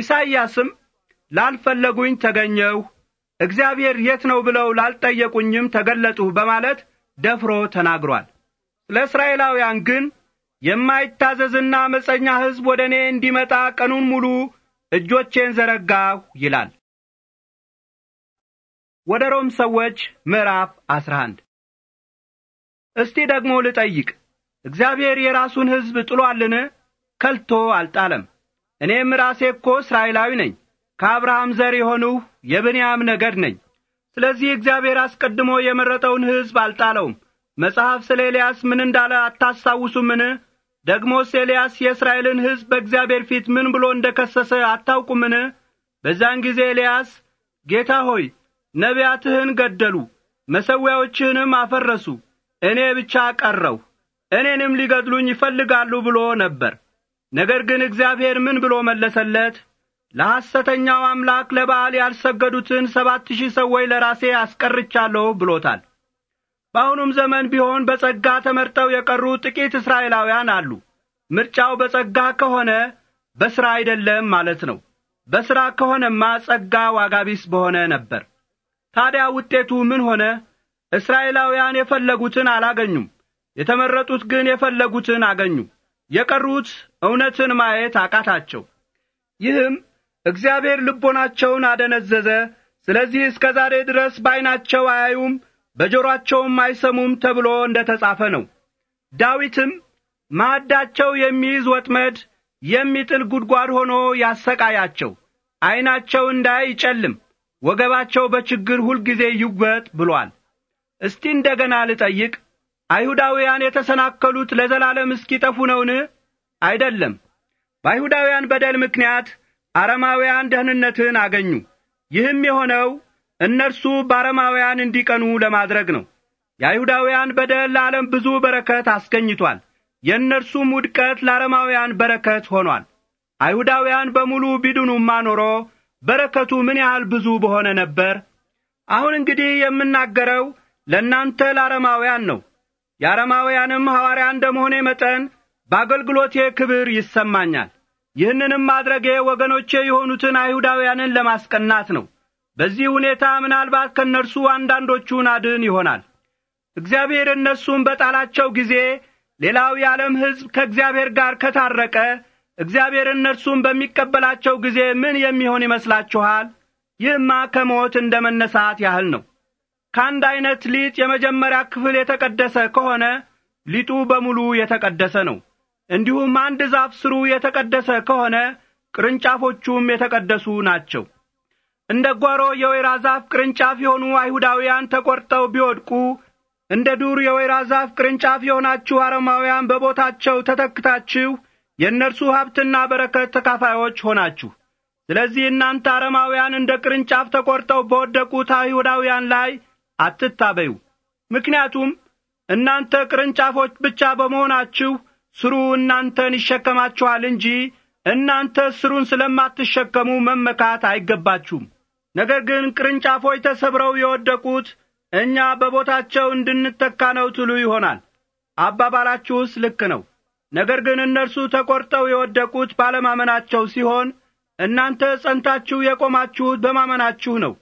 ኢሳይያስም ላልፈለጉኝ ተገኘሁ፣ እግዚአብሔር የት ነው ብለው ላልጠየቁኝም ተገለጥሁ በማለት ደፍሮ ተናግሯል። ስለ እስራኤላውያን ግን የማይታዘዝና አመፀኛ ሕዝብ ወደ እኔ እንዲመጣ ቀኑን ሙሉ እጆቼን ዘረጋሁ ይላል። ወደ ሮም ሰዎች ምዕራፍ አስራ አንድ እስቲ ደግሞ ልጠይቅ፣ እግዚአብሔር የራሱን ሕዝብ ጥሏልን? ከልቶ አልጣለም። እኔም ራሴ እኮ እስራኤላዊ ነኝ፣ ከአብርሃም ዘር የሆንሁ የብንያም ነገድ ነኝ። ስለዚህ እግዚአብሔር አስቀድሞ የመረጠውን ሕዝብ አልጣለውም። መጽሐፍ ስለ ኤልያስ ምን እንዳለ አታስታውሱምን? ደግሞስ ኤልያስ የእስራኤልን ሕዝብ በእግዚአብሔር ፊት ምን ብሎ እንደ ከሰሰ አታውቁምን? በዚያን ጊዜ ኤልያስ ጌታ ሆይ ነቢያትህን ገደሉ፣ መሠዊያዎችህንም አፈረሱ፣ እኔ ብቻ ቀረው፣ እኔንም ሊገድሉኝ ይፈልጋሉ ብሎ ነበር። ነገር ግን እግዚአብሔር ምን ብሎ መለሰለት? ለሐሰተኛው አምላክ ለበዓል ያልሰገዱትን ሰባት ሺህ ሰዎች ለራሴ አስቀርቻለሁ ብሎታል። በአሁኑም ዘመን ቢሆን በጸጋ ተመርጠው የቀሩ ጥቂት እስራኤላውያን አሉ። ምርጫው በጸጋ ከሆነ በሥራ አይደለም ማለት ነው። በሥራ ከሆነማ ጸጋ ዋጋቢስ በሆነ ነበር። ታዲያ ውጤቱ ምን ሆነ? እስራኤላውያን የፈለጉትን አላገኙም። የተመረጡት ግን የፈለጉትን አገኙ። የቀሩት እውነትን ማየት አቃታቸው። ይህም እግዚአብሔር ልቦናቸውን አደነዘዘ፣ ስለዚህ እስከ ዛሬ ድረስ ባይናቸው አያዩም፣ በጆሮአቸውም አይሰሙም ተብሎ እንደ ተጻፈ ነው። ዳዊትም ማዕዳቸው የሚይዝ ወጥመድ፣ የሚጥል ጉድጓድ ሆኖ ያሰቃያቸው፣ ዐይናቸው እንዳይ ይጨልም፣ ወገባቸው በችግር ሁልጊዜ ይውበጥ ብሏል። እስቲ እንደ ገና ልጠይቅ፣ አይሁዳውያን የተሰናከሉት ለዘላለም እስኪጠፉ ነውን? አይደለም። በአይሁዳውያን በደል ምክንያት አረማውያን ደህንነትን አገኙ። ይህም የሆነው እነርሱ በአረማውያን እንዲቀኑ ለማድረግ ነው። የአይሁዳውያን በደል ለዓለም ብዙ በረከት አስገኝቷል። የእነርሱም ውድቀት ለአረማውያን በረከት ሆኗል። አይሁዳውያን በሙሉ ቢድኑማ ኖሮ በረከቱ ምን ያህል ብዙ በሆነ ነበር። አሁን እንግዲህ የምናገረው ለእናንተ ለአረማውያን ነው። የአረማውያንም ሐዋርያ እንደመሆኔ መጠን በአገልግሎቴ ክብር ይሰማኛል። ይህንንም ማድረጌ ወገኖቼ የሆኑትን አይሁዳውያንን ለማስቀናት ነው። በዚህ ሁኔታ ምናልባት ከእነርሱ አንዳንዶቹን አድን ይሆናል። እግዚአብሔር እነርሱን በጣላቸው ጊዜ ሌላው የዓለም ሕዝብ ከእግዚአብሔር ጋር ከታረቀ እግዚአብሔር እነርሱን በሚቀበላቸው ጊዜ ምን የሚሆን ይመስላችኋል? ይህማ ከሞት እንደ መነሳት ያህል ነው። ከአንድ ዐይነት ሊጥ የመጀመሪያ ክፍል የተቀደሰ ከሆነ ሊጡ በሙሉ የተቀደሰ ነው። እንዲሁም አንድ ዛፍ ስሩ የተቀደሰ ከሆነ ቅርንጫፎቹም የተቀደሱ ናቸው። እንደ ጓሮ የወይራ ዛፍ ቅርንጫፍ የሆኑ አይሁዳውያን ተቈርጠው ቢወድቁ እንደ ዱር የወይራ ዛፍ ቅርንጫፍ የሆናችሁ አረማውያን በቦታቸው ተተክታችሁ የእነርሱ ሀብትና በረከት ተካፋዮች ሆናችሁ። ስለዚህ እናንተ አረማውያን እንደ ቅርንጫፍ ተቈርጠው በወደቁት አይሁዳውያን ላይ አትታበዩ። ምክንያቱም እናንተ ቅርንጫፎች ብቻ በመሆናችሁ ስሩ እናንተን ይሸከማችኋል እንጂ እናንተ ስሩን ስለማትሸከሙ መመካት አይገባችሁም። ነገር ግን ቅርንጫፎች ተሰብረው የወደቁት እኛ በቦታቸው እንድንተካ ነው ትሉ ይሆናል። አባባላችሁስ ልክ ነው። ነገር ግን እነርሱ ተቈርጠው የወደቁት ባለማመናቸው ሲሆን እናንተ ጸንታችሁ የቆማችሁት በማመናችሁ ነው።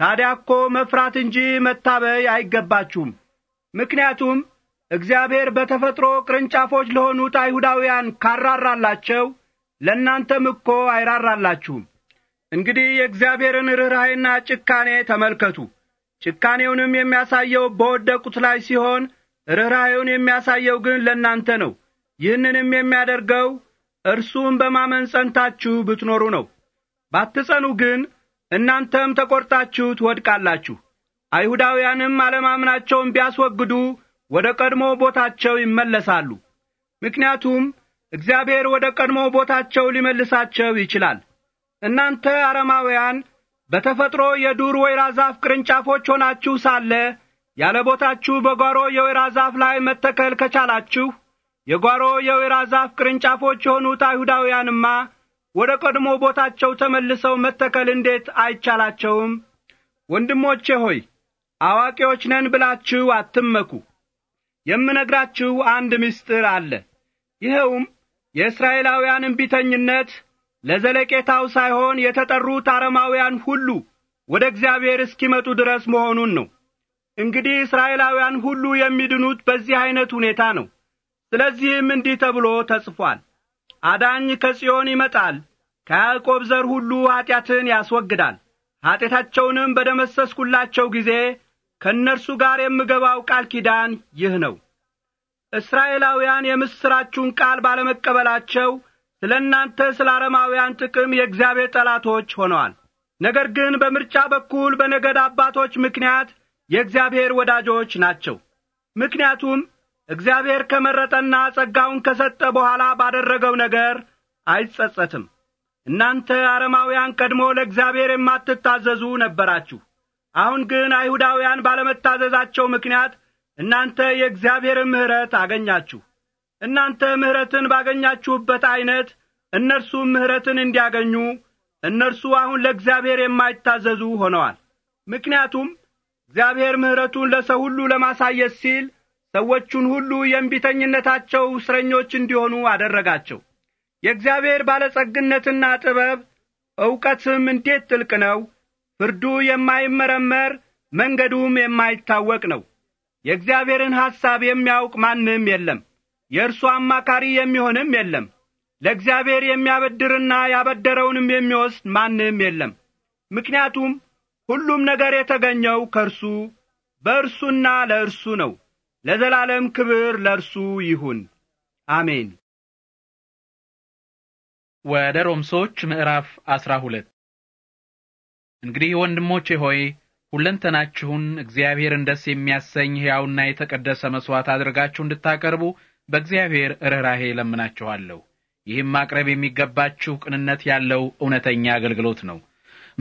ታዲያ እኮ መፍራት እንጂ መታበይ አይገባችሁም። ምክንያቱም እግዚአብሔር በተፈጥሮ ቅርንጫፎች ለሆኑት አይሁዳውያን ካራራላቸው ለእናንተም እኮ አይራራላችሁም። እንግዲህ የእግዚአብሔርን ርኅራኄና ጭካኔ ተመልከቱ። ጭካኔውንም የሚያሳየው በወደቁት ላይ ሲሆን ርኅራኄውን የሚያሳየው ግን ለእናንተ ነው። ይህንንም የሚያደርገው እርሱም በማመን ጸንታችሁ ብትኖሩ ነው። ባትጸኑ ግን እናንተም ተቈርጣችሁ ትወድቃላችሁ። አይሁዳውያንም አለማምናቸውን ቢያስወግዱ ወደ ቀድሞ ቦታቸው ይመለሳሉ። ምክንያቱም እግዚአብሔር ወደ ቀድሞ ቦታቸው ሊመልሳቸው ይችላል። እናንተ አረማውያን በተፈጥሮ የዱር ወይራ ዛፍ ቅርንጫፎች ሆናችሁ ሳለ ያለ ቦታችሁ በጓሮ የወይራ ዛፍ ላይ መተከል ከቻላችሁ የጓሮ የወይራ ዛፍ ቅርንጫፎች የሆኑት አይሁዳውያንማ ወደ ቀድሞ ቦታቸው ተመልሰው መተከል እንዴት አይቻላቸውም? ወንድሞቼ ሆይ አዋቂዎች ነን ብላችሁ አትመኩ። የምነግራችሁ አንድ ምስጢር አለ። ይኸውም የእስራኤላውያን እምቢተኝነት ለዘለቄታው ሳይሆን የተጠሩት አረማውያን ሁሉ ወደ እግዚአብሔር እስኪመጡ ድረስ መሆኑን ነው። እንግዲህ እስራኤላውያን ሁሉ የሚድኑት በዚህ ዐይነት ሁኔታ ነው። ስለዚህም እንዲህ ተብሎ ተጽፏል፣ አዳኝ ከጽዮን ይመጣል፣ ከያዕቆብ ዘር ሁሉ ኀጢአትን ያስወግዳል፣ ኀጢአታቸውንም በደመሰስኩላቸው ጊዜ ከእነርሱ ጋር የምገባው ቃል ኪዳን ይህ ነው። እስራኤላውያን የምሥራችሁን ቃል ባለመቀበላቸው ስለ እናንተ ስለ አረማውያን ጥቅም የእግዚአብሔር ጠላቶች ሆነዋል። ነገር ግን በምርጫ በኩል በነገድ አባቶች ምክንያት የእግዚአብሔር ወዳጆች ናቸው። ምክንያቱም እግዚአብሔር ከመረጠና ጸጋውን ከሰጠ በኋላ ባደረገው ነገር አይጸጸትም። እናንተ አረማውያን ቀድሞ ለእግዚአብሔር የማትታዘዙ ነበራችሁ። አሁን ግን አይሁዳውያን ባለመታዘዛቸው ምክንያት እናንተ የእግዚአብሔር ምሕረት አገኛችሁ። እናንተ ምሕረትን ባገኛችሁበት ዐይነት እነርሱ ምሕረትን እንዲያገኙ እነርሱ አሁን ለእግዚአብሔር የማይታዘዙ ሆነዋል። ምክንያቱም እግዚአብሔር ምሕረቱን ለሰው ሁሉ ለማሳየት ሲል ሰዎቹን ሁሉ የእምቢተኝነታቸው እስረኞች እንዲሆኑ አደረጋቸው። የእግዚአብሔር ባለጸግነትና ጥበብ ዕውቀትም እንዴት ጥልቅ ነው! ፍርዱ የማይመረመር መንገዱም የማይታወቅ ነው። የእግዚአብሔርን ሐሳብ የሚያውቅ ማንም የለም፣ የእርሱ አማካሪ የሚሆንም የለም። ለእግዚአብሔር የሚያበድርና ያበደረውንም የሚወስድ ማንም የለም። ምክንያቱም ሁሉም ነገር የተገኘው ከእርሱ በእርሱና ለእርሱ ነው። ለዘላለም ክብር ለእርሱ ይሁን፣ አሜን። ወደ ሮም ሰዎች ምዕራፍ አስራ ሁለት እንግዲህ ወንድሞቼ ሆይ ሁለንተናችሁን እግዚአብሔርን ደስ የሚያሰኝ ሕያውና የተቀደሰ መሥዋዕት አድርጋችሁ እንድታቀርቡ በእግዚአብሔር ርኅራሄ ለምናችኋለሁ። ይህም ማቅረብ የሚገባችሁ ቅንነት ያለው እውነተኛ አገልግሎት ነው።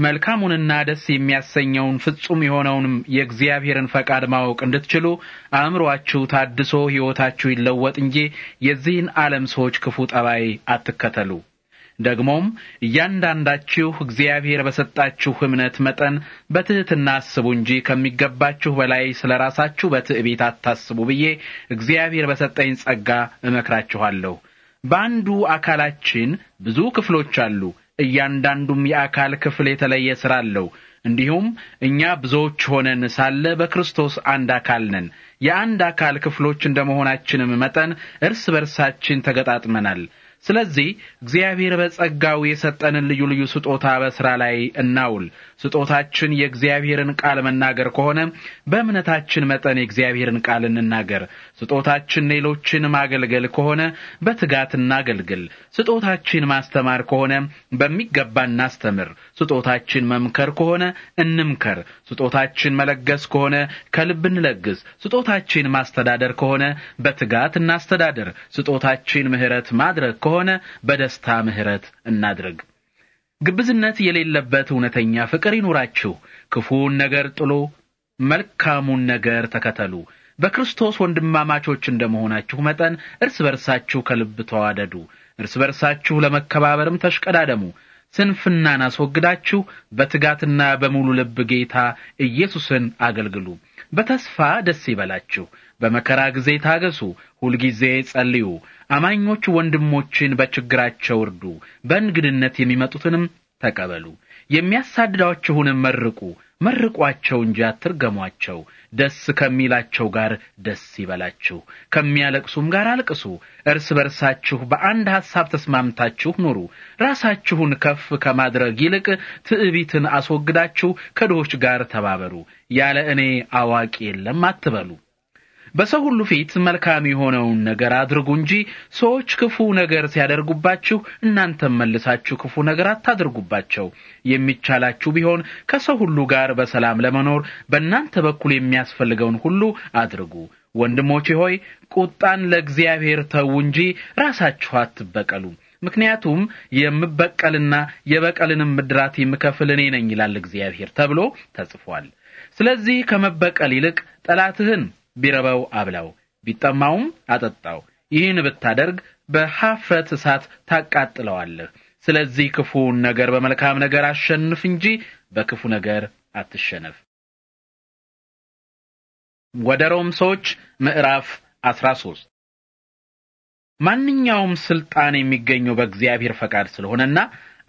መልካሙንና ደስ የሚያሰኘውን ፍጹም የሆነውንም የእግዚአብሔርን ፈቃድ ማወቅ እንድትችሉ አእምሮአችሁ ታድሶ ሕይወታችሁ ይለወጥ እንጂ የዚህን ዓለም ሰዎች ክፉ ጠባይ አትከተሉ። ደግሞም እያንዳንዳችሁ እግዚአብሔር በሰጣችሁ እምነት መጠን በትሕትና አስቡ እንጂ ከሚገባችሁ በላይ ስለ ራሳችሁ በትዕቢት አታስቡ ብዬ እግዚአብሔር በሰጠኝ ጸጋ እመክራችኋለሁ። በአንዱ አካላችን ብዙ ክፍሎች አሉ። እያንዳንዱም የአካል ክፍል የተለየ ሥራ አለው። እንዲሁም እኛ ብዙዎች ሆነን ሳለ በክርስቶስ አንድ አካል ነን። የአንድ አካል ክፍሎች እንደመሆናችንም መጠን እርስ በርሳችን ተገጣጥመናል። ስለዚህ እግዚአብሔር በጸጋው የሰጠንን ልዩ ልዩ ስጦታ በሥራ ላይ እናውል። ስጦታችን የእግዚአብሔርን ቃል መናገር ከሆነ በእምነታችን መጠን የእግዚአብሔርን ቃል እንናገር። ስጦታችን ሌሎችን ማገልገል ከሆነ በትጋት እናገልግል። ስጦታችን ማስተማር ከሆነ በሚገባ እናስተምር። ስጦታችን መምከር ከሆነ እንምከር። ስጦታችን መለገስ ከሆነ ከልብ እንለግስ። ስጦታችን ማስተዳደር ከሆነ በትጋት እናስተዳደር። ስጦታችን ምሕረት ማድረግ ከሆነ ከሆነ በደስታ ምሕረት እናድርግ። ግብዝነት የሌለበት እውነተኛ ፍቅር ይኑራችሁ። ክፉውን ነገር ጥሎ መልካሙን ነገር ተከተሉ። በክርስቶስ ወንድማማቾች እንደመሆናችሁ መጠን እርስ በርሳችሁ ከልብ ተዋደዱ። እርስ በርሳችሁ ለመከባበርም ተሽቀዳደሙ። ስንፍናን አስወግዳችሁ በትጋትና በሙሉ ልብ ጌታ ኢየሱስን አገልግሉ። በተስፋ ደስ ይበላችሁ። በመከራ ጊዜ ታገሱ፣ ሁልጊዜ ጸልዩ። አማኞች ወንድሞችን በችግራቸው እርዱ፣ በእንግድነት የሚመጡትንም ተቀበሉ። የሚያሳድዳችሁንም መርቁ፣ መርቋቸው እንጂ አትርገሟቸው። ደስ ከሚላቸው ጋር ደስ ይበላችሁ፣ ከሚያለቅሱም ጋር አልቅሱ። እርስ በርሳችሁ በአንድ ሐሳብ ተስማምታችሁ ኑሩ። ራሳችሁን ከፍ ከማድረግ ይልቅ ትዕቢትን አስወግዳችሁ ከድሆች ጋር ተባበሩ። ያለ እኔ አዋቂ የለም አትበሉ። በሰው ሁሉ ፊት መልካም የሆነውን ነገር አድርጉ እንጂ ሰዎች ክፉ ነገር ሲያደርጉባችሁ እናንተም መልሳችሁ ክፉ ነገር አታድርጉባቸው። የሚቻላችሁ ቢሆን ከሰው ሁሉ ጋር በሰላም ለመኖር በእናንተ በኩል የሚያስፈልገውን ሁሉ አድርጉ። ወንድሞቼ ሆይ ቁጣን ለእግዚአብሔር ተዉ እንጂ ራሳችሁ አትበቀሉ። ምክንያቱም የምበቀልና የበቀልንም ምድራት የምከፍል እኔ ነኝ ይላል እግዚአብሔር ተብሎ ተጽፏል። ስለዚህ ከመበቀል ይልቅ ጠላትህን ቢረበው አብላው፣ ቢጠማውም አጠጣው። ይህን ብታደርግ በሐፍረት እሳት ታቃጥለዋለህ። ስለዚህ ክፉውን ነገር በመልካም ነገር አሸንፍ እንጂ በክፉ ነገር አትሸነፍ። ወደ ሮም ሰዎች ምዕራፍ 13 ማንኛውም ስልጣን የሚገኘው በእግዚአብሔር ፈቃድ ስለሆነና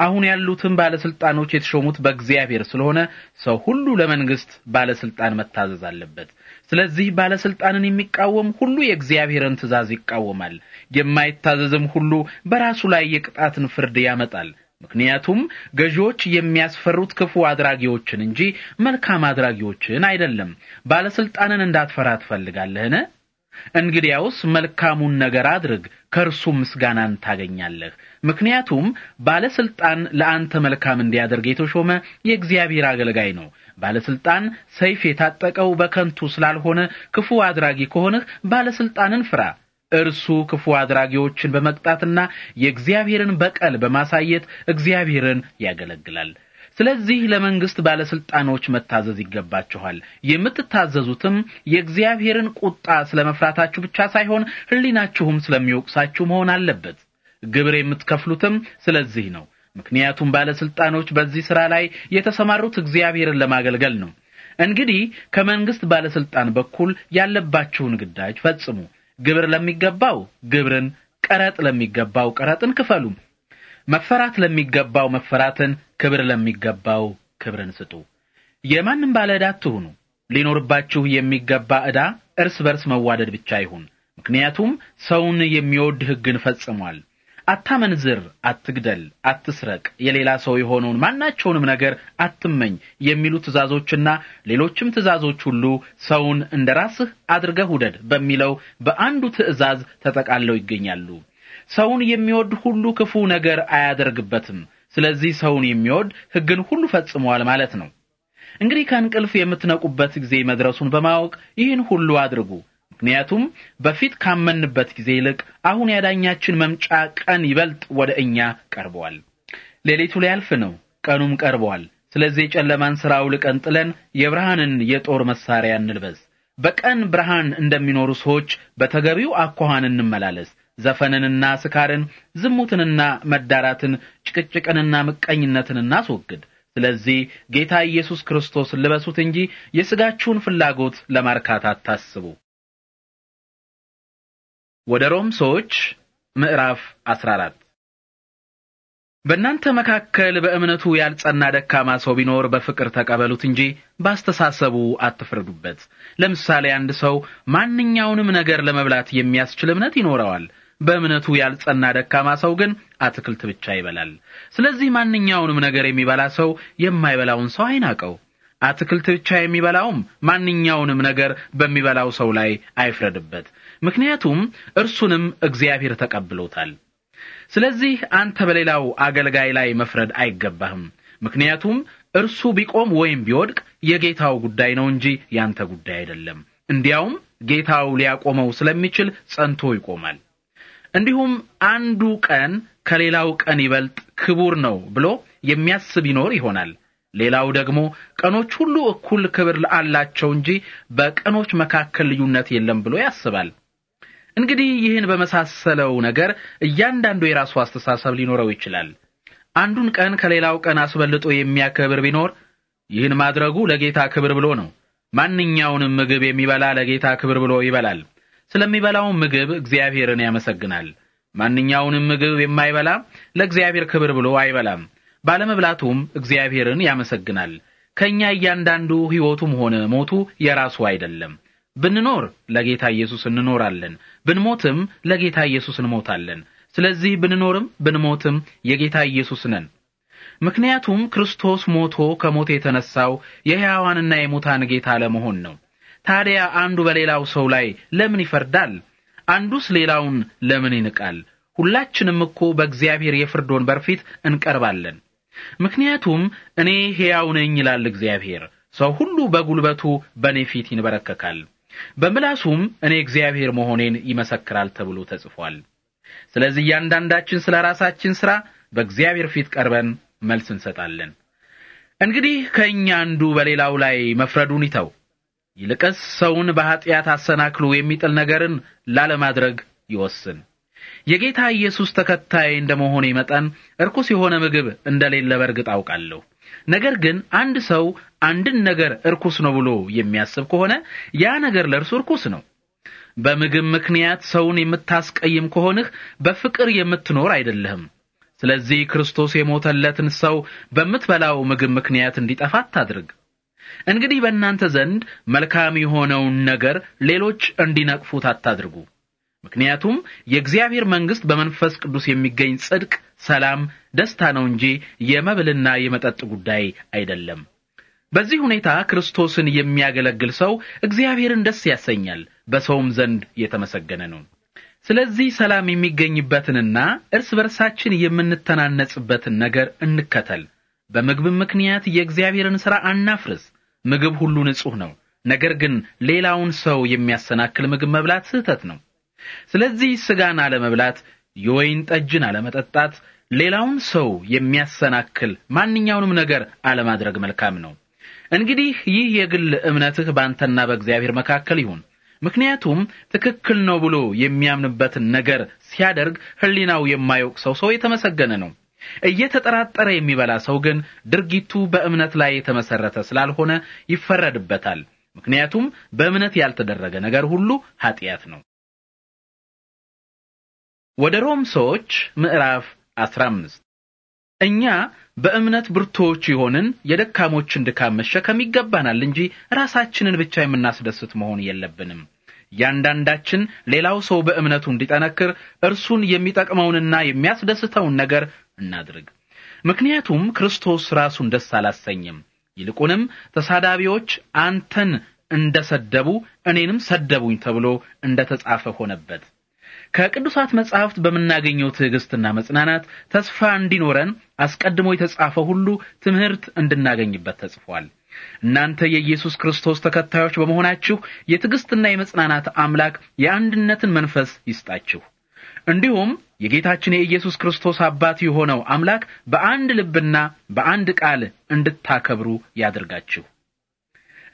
አሁን ያሉትን ባለስልጣኖች የተሾሙት በእግዚአብሔር ስለሆነ ሰው ሁሉ ለመንግስት ባለስልጣን መታዘዝ አለበት። ስለዚህ ባለስልጣንን የሚቃወም ሁሉ የእግዚአብሔርን ትእዛዝ ይቃወማል፣ የማይታዘዝም ሁሉ በራሱ ላይ የቅጣትን ፍርድ ያመጣል። ምክንያቱም ገዢዎች የሚያስፈሩት ክፉ አድራጊዎችን እንጂ መልካም አድራጊዎችን አይደለም። ባለስልጣንን እንዳትፈራ ትፈልጋለህን? እንግዲያውስ መልካሙን ነገር አድርግ፣ ከእርሱ ምስጋናን ታገኛለህ። ምክንያቱም ባለስልጣን ለአንተ መልካም እንዲያደርግ የተሾመ የእግዚአብሔር አገልጋይ ነው። ባለስልጣን ሰይፍ የታጠቀው በከንቱ ስላልሆነ ክፉ አድራጊ ከሆንህ ባለስልጣንን ፍራ። እርሱ ክፉ አድራጊዎችን በመቅጣትና የእግዚአብሔርን በቀል በማሳየት እግዚአብሔርን ያገለግላል። ስለዚህ ለመንግስት ባለስልጣኖች መታዘዝ ይገባችኋል። የምትታዘዙትም የእግዚአብሔርን ቁጣ ስለመፍራታችሁ ብቻ ሳይሆን ሕሊናችሁም ስለሚወቅሳችሁ መሆን አለበት። ግብር የምትከፍሉትም ስለዚህ ነው። ምክንያቱም ባለስልጣኖች በዚህ ሥራ ላይ የተሰማሩት እግዚአብሔርን ለማገልገል ነው። እንግዲህ ከመንግስት ባለስልጣን በኩል ያለባችሁን ግዳጅ ፈጽሙ። ግብር ለሚገባው ግብርን፣ ቀረጥ ለሚገባው ቀረጥን ክፈሉ። መፈራት ለሚገባው መፈራትን ክብር ለሚገባው ክብርን ስጡ። የማንም ባለ ዕዳ አትሁኑ። ሊኖርባችሁ የሚገባ ዕዳ እርስ በርስ መዋደድ ብቻ ይሁን። ምክንያቱም ሰውን የሚወድ ሕግን ፈጽሟል። አታመንዝር፣ አትግደል፣ አትስረቅ፣ የሌላ ሰው የሆነውን ማናቸውንም ነገር አትመኝ የሚሉ ትእዛዞችና ሌሎችም ትእዛዞች ሁሉ ሰውን እንደ ራስህ አድርገህ ውደድ በሚለው በአንዱ ትእዛዝ ተጠቃለው ይገኛሉ። ሰውን የሚወድ ሁሉ ክፉ ነገር አያደርግበትም፣ ስለዚህ ሰውን የሚወድ ሕግን ሁሉ ፈጽመዋል ማለት ነው። እንግዲህ ከእንቅልፍ የምትነቁበት ጊዜ መድረሱን በማወቅ ይህን ሁሉ አድርጉ። ምክንያቱም በፊት ካመንበት ጊዜ ይልቅ አሁን ያዳኛችን መምጫ ቀን ይበልጥ ወደ እኛ ቀርቧል። ሌሊቱ ሊያልፍ ነው፣ ቀኑም ቀርቧል። ስለዚህ የጨለማን ሥራ አውልቀን ጥለን የብርሃንን የጦር መሳሪያ እንልበስ። በቀን ብርሃን እንደሚኖሩ ሰዎች በተገቢው አኳኋን እንመላለስ። ዘፈንንና ስካርን፣ ዝሙትንና መዳራትን፣ ጭቅጭቅንና ምቀኝነትን እናስወግድ። ስለዚህ ጌታ ኢየሱስ ክርስቶስ ልበሱት እንጂ የሥጋችሁን ፍላጎት ለማርካት አታስቡ። ወደ ሮም ሰዎች ምዕራፍ 14 በእናንተ መካከል በእምነቱ ያልጸና ደካማ ሰው ቢኖር በፍቅር ተቀበሉት እንጂ በአስተሳሰቡ አትፍረዱበት። ለምሳሌ አንድ ሰው ማንኛውንም ነገር ለመብላት የሚያስችል እምነት ይኖረዋል። በእምነቱ ያልጸና ደካማ ሰው ግን አትክልት ብቻ ይበላል። ስለዚህ ማንኛውንም ነገር የሚበላ ሰው የማይበላውን ሰው አይናቀው። አትክልት ብቻ የሚበላውም ማንኛውንም ነገር በሚበላው ሰው ላይ አይፍረድበት፣ ምክንያቱም እርሱንም እግዚአብሔር ተቀብሎታል። ስለዚህ አንተ በሌላው አገልጋይ ላይ መፍረድ አይገባህም፣ ምክንያቱም እርሱ ቢቆም ወይም ቢወድቅ የጌታው ጉዳይ ነው እንጂ ያንተ ጉዳይ አይደለም። እንዲያውም ጌታው ሊያቆመው ስለሚችል ጸንቶ ይቆማል። እንዲሁም አንዱ ቀን ከሌላው ቀን ይበልጥ ክቡር ነው ብሎ የሚያስብ ይኖር ይሆናል። ሌላው ደግሞ ቀኖች ሁሉ እኩል ክብር አላቸው እንጂ በቀኖች መካከል ልዩነት የለም ብሎ ያስባል። እንግዲህ ይህን በመሳሰለው ነገር እያንዳንዱ የራሱ አስተሳሰብ ሊኖረው ይችላል። አንዱን ቀን ከሌላው ቀን አስበልጦ የሚያከብር ቢኖር ይህን ማድረጉ ለጌታ ክብር ብሎ ነው። ማንኛውንም ምግብ የሚበላ ለጌታ ክብር ብሎ ይበላል። ስለሚበላው ምግብ እግዚአብሔርን ያመሰግናል። ማንኛውንም ምግብ የማይበላ ለእግዚአብሔር ክብር ብሎ አይበላም፣ ባለመብላቱም እግዚአብሔርን ያመሰግናል። ከእኛ እያንዳንዱ ሕይወቱም ሆነ ሞቱ የራሱ አይደለም። ብንኖር ለጌታ ኢየሱስ እንኖራለን፣ ብንሞትም ለጌታ ኢየሱስ እንሞታለን። ስለዚህ ብንኖርም ብንሞትም የጌታ ኢየሱስ ነን። ምክንያቱም ክርስቶስ ሞቶ ከሞት የተነሳው የሕያዋንና የሙታን ጌታ ለመሆን ነው። ታዲያ አንዱ በሌላው ሰው ላይ ለምን ይፈርዳል? አንዱስ ሌላውን ለምን ይንቃል? ሁላችንም እኮ በእግዚአብሔር የፍርድ ወንበር ፊት እንቀርባለን። ምክንያቱም እኔ ሕያው ነኝ ይላል እግዚአብሔር። ሰው ሁሉ በጉልበቱ በእኔ ፊት ይንበረከካል፣ በምላሱም እኔ እግዚአብሔር መሆኔን ይመሰክራል ተብሎ ተጽፏል። ስለዚህ እያንዳንዳችን ስለ ራሳችን ሥራ በእግዚአብሔር ፊት ቀርበን መልስ እንሰጣለን። እንግዲህ ከእኛ አንዱ በሌላው ላይ መፍረዱን ይተው። ይልቅስ ሰውን በኃጢአት አሰናክሎ የሚጥል ነገርን ላለማድረግ ይወስን። የጌታ ኢየሱስ ተከታይ እንደመሆኔ መጠን እርኩስ የሆነ ምግብ እንደሌለ በርግጥ አውቃለሁ። ነገር ግን አንድ ሰው አንድን ነገር እርኩስ ነው ብሎ የሚያስብ ከሆነ ያ ነገር ለእርሱ እርኩስ ነው። በምግብ ምክንያት ሰውን የምታስቀይም ከሆንህ በፍቅር የምትኖር አይደለህም። ስለዚህ ክርስቶስ የሞተለትን ሰው በምትበላው ምግብ ምክንያት እንዲጠፋ አታድርግ። እንግዲህ በእናንተ ዘንድ መልካም የሆነውን ነገር ሌሎች እንዲነቅፉት አታድርጉ። ምክንያቱም የእግዚአብሔር መንግሥት በመንፈስ ቅዱስ የሚገኝ ጽድቅ፣ ሰላም፣ ደስታ ነው እንጂ የመብልና የመጠጥ ጉዳይ አይደለም። በዚህ ሁኔታ ክርስቶስን የሚያገለግል ሰው እግዚአብሔርን ደስ ያሰኛል፣ በሰውም ዘንድ የተመሰገነ ነው። ስለዚህ ሰላም የሚገኝበትንና እርስ በርሳችን የምንተናነጽበትን ነገር እንከተል። በምግብም ምክንያት የእግዚአብሔርን ሥራ አናፍርስ። ምግብ ሁሉ ንጹህ ነው፣ ነገር ግን ሌላውን ሰው የሚያሰናክል ምግብ መብላት ስህተት ነው። ስለዚህ ስጋን አለመብላት፣ የወይን ጠጅን አለመጠጣት፣ ሌላውን ሰው የሚያሰናክል ማንኛውንም ነገር አለማድረግ መልካም ነው። እንግዲህ ይህ የግል እምነትህ በአንተና በእግዚአብሔር መካከል ይሁን። ምክንያቱም ትክክል ነው ብሎ የሚያምንበትን ነገር ሲያደርግ ሕሊናው የማይወቅ ሰው ሰው የተመሰገነ ነው። እየተጠራጠረ የሚበላ ሰው ግን ድርጊቱ በእምነት ላይ የተመሰረተ ስላልሆነ ይፈረድበታል። ምክንያቱም በእምነት ያልተደረገ ነገር ሁሉ ኃጢአት ነው። ወደ ሮም ሰዎች ምዕራፍ 15 እኛ በእምነት ብርቱዎች ይሆንን የደካሞችን ድካም መሸከም ይገባናል እንጂ ራሳችንን ብቻ የምናስደስት መሆን የለብንም። እያንዳንዳችን ሌላው ሰው በእምነቱ እንዲጠነክር እርሱን የሚጠቅመውንና የሚያስደስተውን ነገር እናድርግ። ምክንያቱም ክርስቶስ ራሱን ደስ አላሰኘም። ይልቁንም ተሳዳቢዎች አንተን እንደሰደቡ እኔንም ሰደቡኝ ተብሎ እንደተጻፈ ሆነበት። ከቅዱሳት መጻሕፍት በምናገኘው ትዕግስትና መጽናናት ተስፋ እንዲኖረን አስቀድሞ የተጻፈ ሁሉ ትምህርት እንድናገኝበት ተጽፏል። እናንተ የኢየሱስ ክርስቶስ ተከታዮች በመሆናችሁ የትዕግስትና የመጽናናት አምላክ የአንድነትን መንፈስ ይስጣችሁ። እንዲሁም የጌታችን የኢየሱስ ክርስቶስ አባት የሆነው አምላክ በአንድ ልብና በአንድ ቃል እንድታከብሩ ያድርጋችሁ።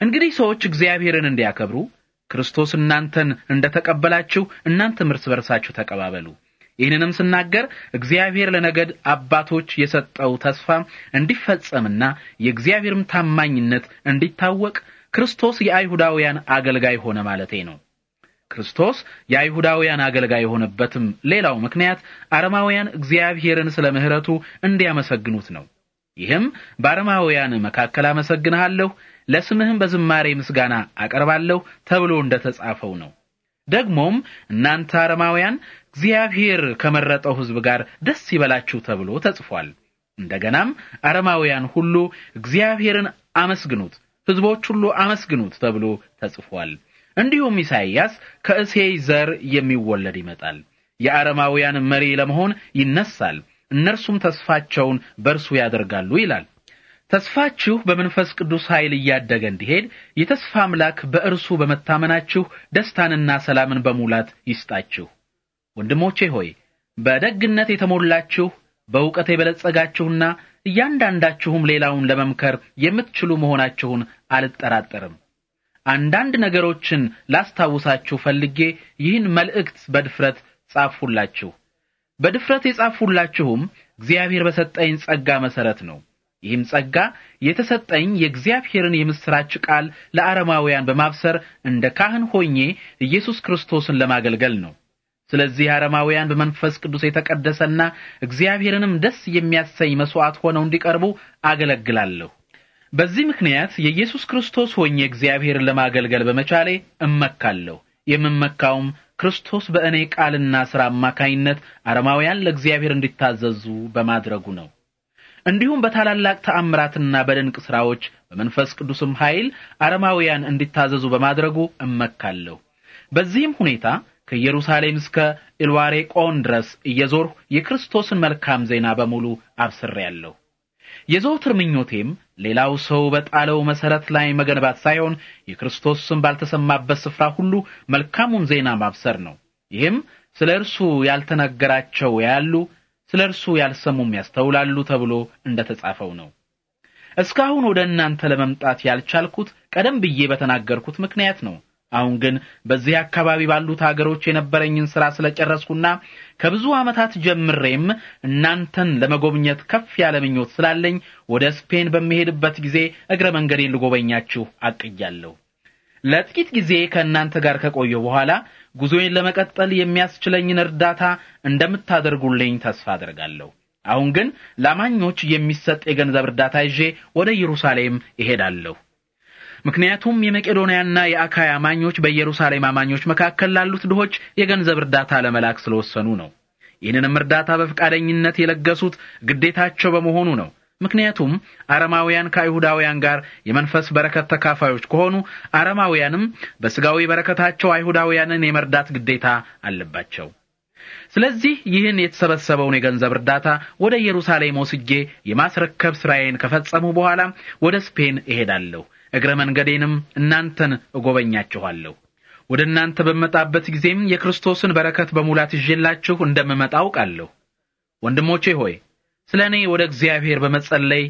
እንግዲህ ሰዎች እግዚአብሔርን እንዲያከብሩ ክርስቶስ እናንተን ተቀበላችሁ እናንተም እርስ በርሳችሁ ተቀባበሉ። ይህንንም ስናገር እግዚአብሔር ለነገድ አባቶች የሰጠው ተስፋ እንዲፈጸምና የእግዚአብሔርም ታማኝነት እንዲታወቅ ክርስቶስ የአይሁዳውያን አገልጋይ ሆነ ማለቴ ነው። ክርስቶስ የአይሁዳውያን አገልጋይ የሆነበትም ሌላው ምክንያት አረማውያን እግዚአብሔርን ስለ ምሕረቱ እንዲያመሰግኑት ነው። ይህም በአረማውያን መካከል አመሰግንሃለሁ፣ ለስምህም በዝማሬ ምስጋና አቀርባለሁ ተብሎ ተጻፈው ነው። ደግሞም እናንተ አረማውያን እግዚአብሔር ከመረጠው ሕዝብ ጋር ደስ ይበላችሁ ተብሎ ተጽፏል። እንደገናም አረማውያን ሁሉ እግዚአብሔርን አመስግኑት፣ ሕዝቦች ሁሉ አመስግኑት ተብሎ ተጽፏል። እንዲሁም ኢሳይያስ ከእሴይ ዘር የሚወለድ ይመጣል፣ የአረማውያን መሪ ለመሆን ይነሳል፣ እነርሱም ተስፋቸውን በእርሱ ያደርጋሉ ይላል። ተስፋችሁ በመንፈስ ቅዱስ ኃይል እያደገ እንዲሄድ የተስፋ አምላክ በእርሱ በመታመናችሁ ደስታንና ሰላምን በሙላት ይስጣችሁ። ወንድሞቼ ሆይ በደግነት የተሞላችሁ በእውቀት የበለጸጋችሁና እያንዳንዳችሁም ሌላውን ለመምከር የምትችሉ መሆናችሁን አልጠራጠርም። አንዳንድ ነገሮችን ላስታውሳችሁ ፈልጌ ይህን መልእክት በድፍረት ጻፍሁላችሁ። በድፍረት የጻፍሁላችሁም እግዚአብሔር በሰጠኝ ጸጋ መሰረት ነው። ይህም ጸጋ የተሰጠኝ የእግዚአብሔርን የምስራች ቃል ለአረማውያን በማብሰር እንደ ካህን ሆኜ ኢየሱስ ክርስቶስን ለማገልገል ነው። ስለዚህ አረማውያን በመንፈስ ቅዱስ የተቀደሰና እግዚአብሔርንም ደስ የሚያሰኝ መስዋዕት ሆነው እንዲቀርቡ አገለግላለሁ። በዚህ ምክንያት የኢየሱስ ክርስቶስ ሆኜ እግዚአብሔርን ለማገልገል በመቻሌ እመካለሁ። የምመካውም ክርስቶስ በእኔ ቃልና ሥራ አማካኝነት አረማውያን ለእግዚአብሔር እንዲታዘዙ በማድረጉ ነው። እንዲሁም በታላላቅ ተአምራትና በድንቅ ሥራዎች በመንፈስ ቅዱስም ኃይል አረማውያን እንዲታዘዙ በማድረጉ እመካለሁ። በዚህም ሁኔታ ከኢየሩሳሌም እስከ ኢልዋሬቆን ድረስ እየዞርሁ የክርስቶስን መልካም ዜና በሙሉ አብስሬያለሁ። የዘውትር ምኞቴም ሌላው ሰው በጣለው መሰረት ላይ መገንባት ሳይሆን የክርስቶስ ስም ባልተሰማበት ስፍራ ሁሉ መልካሙን ዜና ማብሰር ነው። ይህም ስለ እርሱ ያልተነገራቸው ያሉ፣ ስለ እርሱ ያልሰሙም ያስተውላሉ ተብሎ ተጻፈው ነው። እስካሁን ወደ እናንተ ለመምጣት ያልቻልኩት ቀደም ብዬ በተናገርኩት ምክንያት ነው። አሁን ግን በዚህ አካባቢ ባሉት አገሮች የነበረኝን ሥራ ስለጨረስኩና ከብዙ ዓመታት ጀምሬም እናንተን ለመጎብኘት ከፍ ያለ ምኞት ስላለኝ ወደ ስፔን በሚሄድበት ጊዜ እግረ መንገዴን ልጎበኛችሁ አቅጃለሁ። ለጥቂት ጊዜ ከእናንተ ጋር ከቆየሁ በኋላ ጉዞዬን ለመቀጠል የሚያስችለኝን እርዳታ እንደምታደርጉልኝ ተስፋ አደርጋለሁ። አሁን ግን ላማኞች የሚሰጥ የገንዘብ እርዳታ ይዤ ወደ ኢየሩሳሌም እሄዳለሁ። ምክንያቱም የመቄዶንያና የአካያ አማኞች በኢየሩሳሌም አማኞች መካከል ላሉት ድሆች የገንዘብ እርዳታ ለመላክ ስለወሰኑ ነው። ይህንንም እርዳታ በፈቃደኝነት የለገሱት ግዴታቸው በመሆኑ ነው። ምክንያቱም አረማውያን ከአይሁዳውያን ጋር የመንፈስ በረከት ተካፋዮች ከሆኑ አረማውያንም በስጋዊ በረከታቸው አይሁዳውያንን የመርዳት ግዴታ አለባቸው። ስለዚህ ይህን የተሰበሰበውን የገንዘብ እርዳታ ወደ ኢየሩሳሌም ወስጄ የማስረከብ ሥራዬን ከፈጸሙ በኋላ ወደ ስፔን እሄዳለሁ። እግረ መንገዴንም እናንተን እጎበኛችኋለሁ። ወደ እናንተ በመጣበት ጊዜም የክርስቶስን በረከት በሙላት ይዤላችሁ እንደምመጣ አውቃለሁ። ወንድሞቼ ሆይ ስለ እኔ ወደ እግዚአብሔር በመጸለይ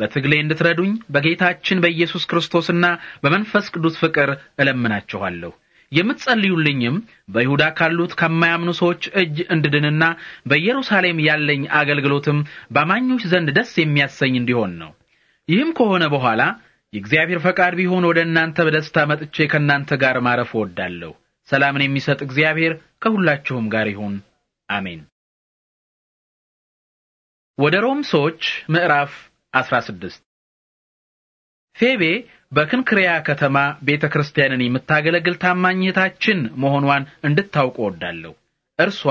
በትግሌ እንድትረዱኝ በጌታችን በኢየሱስ ክርስቶስና በመንፈስ ቅዱስ ፍቅር እለምናችኋለሁ። የምትጸልዩልኝም በይሁዳ ካሉት ከማያምኑ ሰዎች እጅ እንድድንና በኢየሩሳሌም ያለኝ አገልግሎትም በአማኞች ዘንድ ደስ የሚያሰኝ እንዲሆን ነው። ይህም ከሆነ በኋላ የእግዚአብሔር ፈቃድ ቢሆን ወደ እናንተ በደስታ መጥቼ ከእናንተ ጋር ማረፍ እወዳለሁ። ሰላምን የሚሰጥ እግዚአብሔር ከሁላችሁም ጋር ይሁን። አሜን። ወደ ሮም ሰዎች ምዕራፍ 16 ፌቤ በክንክሪያ ከተማ ቤተ ክርስቲያንን የምታገለግል ታማኝታችን መሆኗን እንድታውቁ እወዳለሁ። እርሷ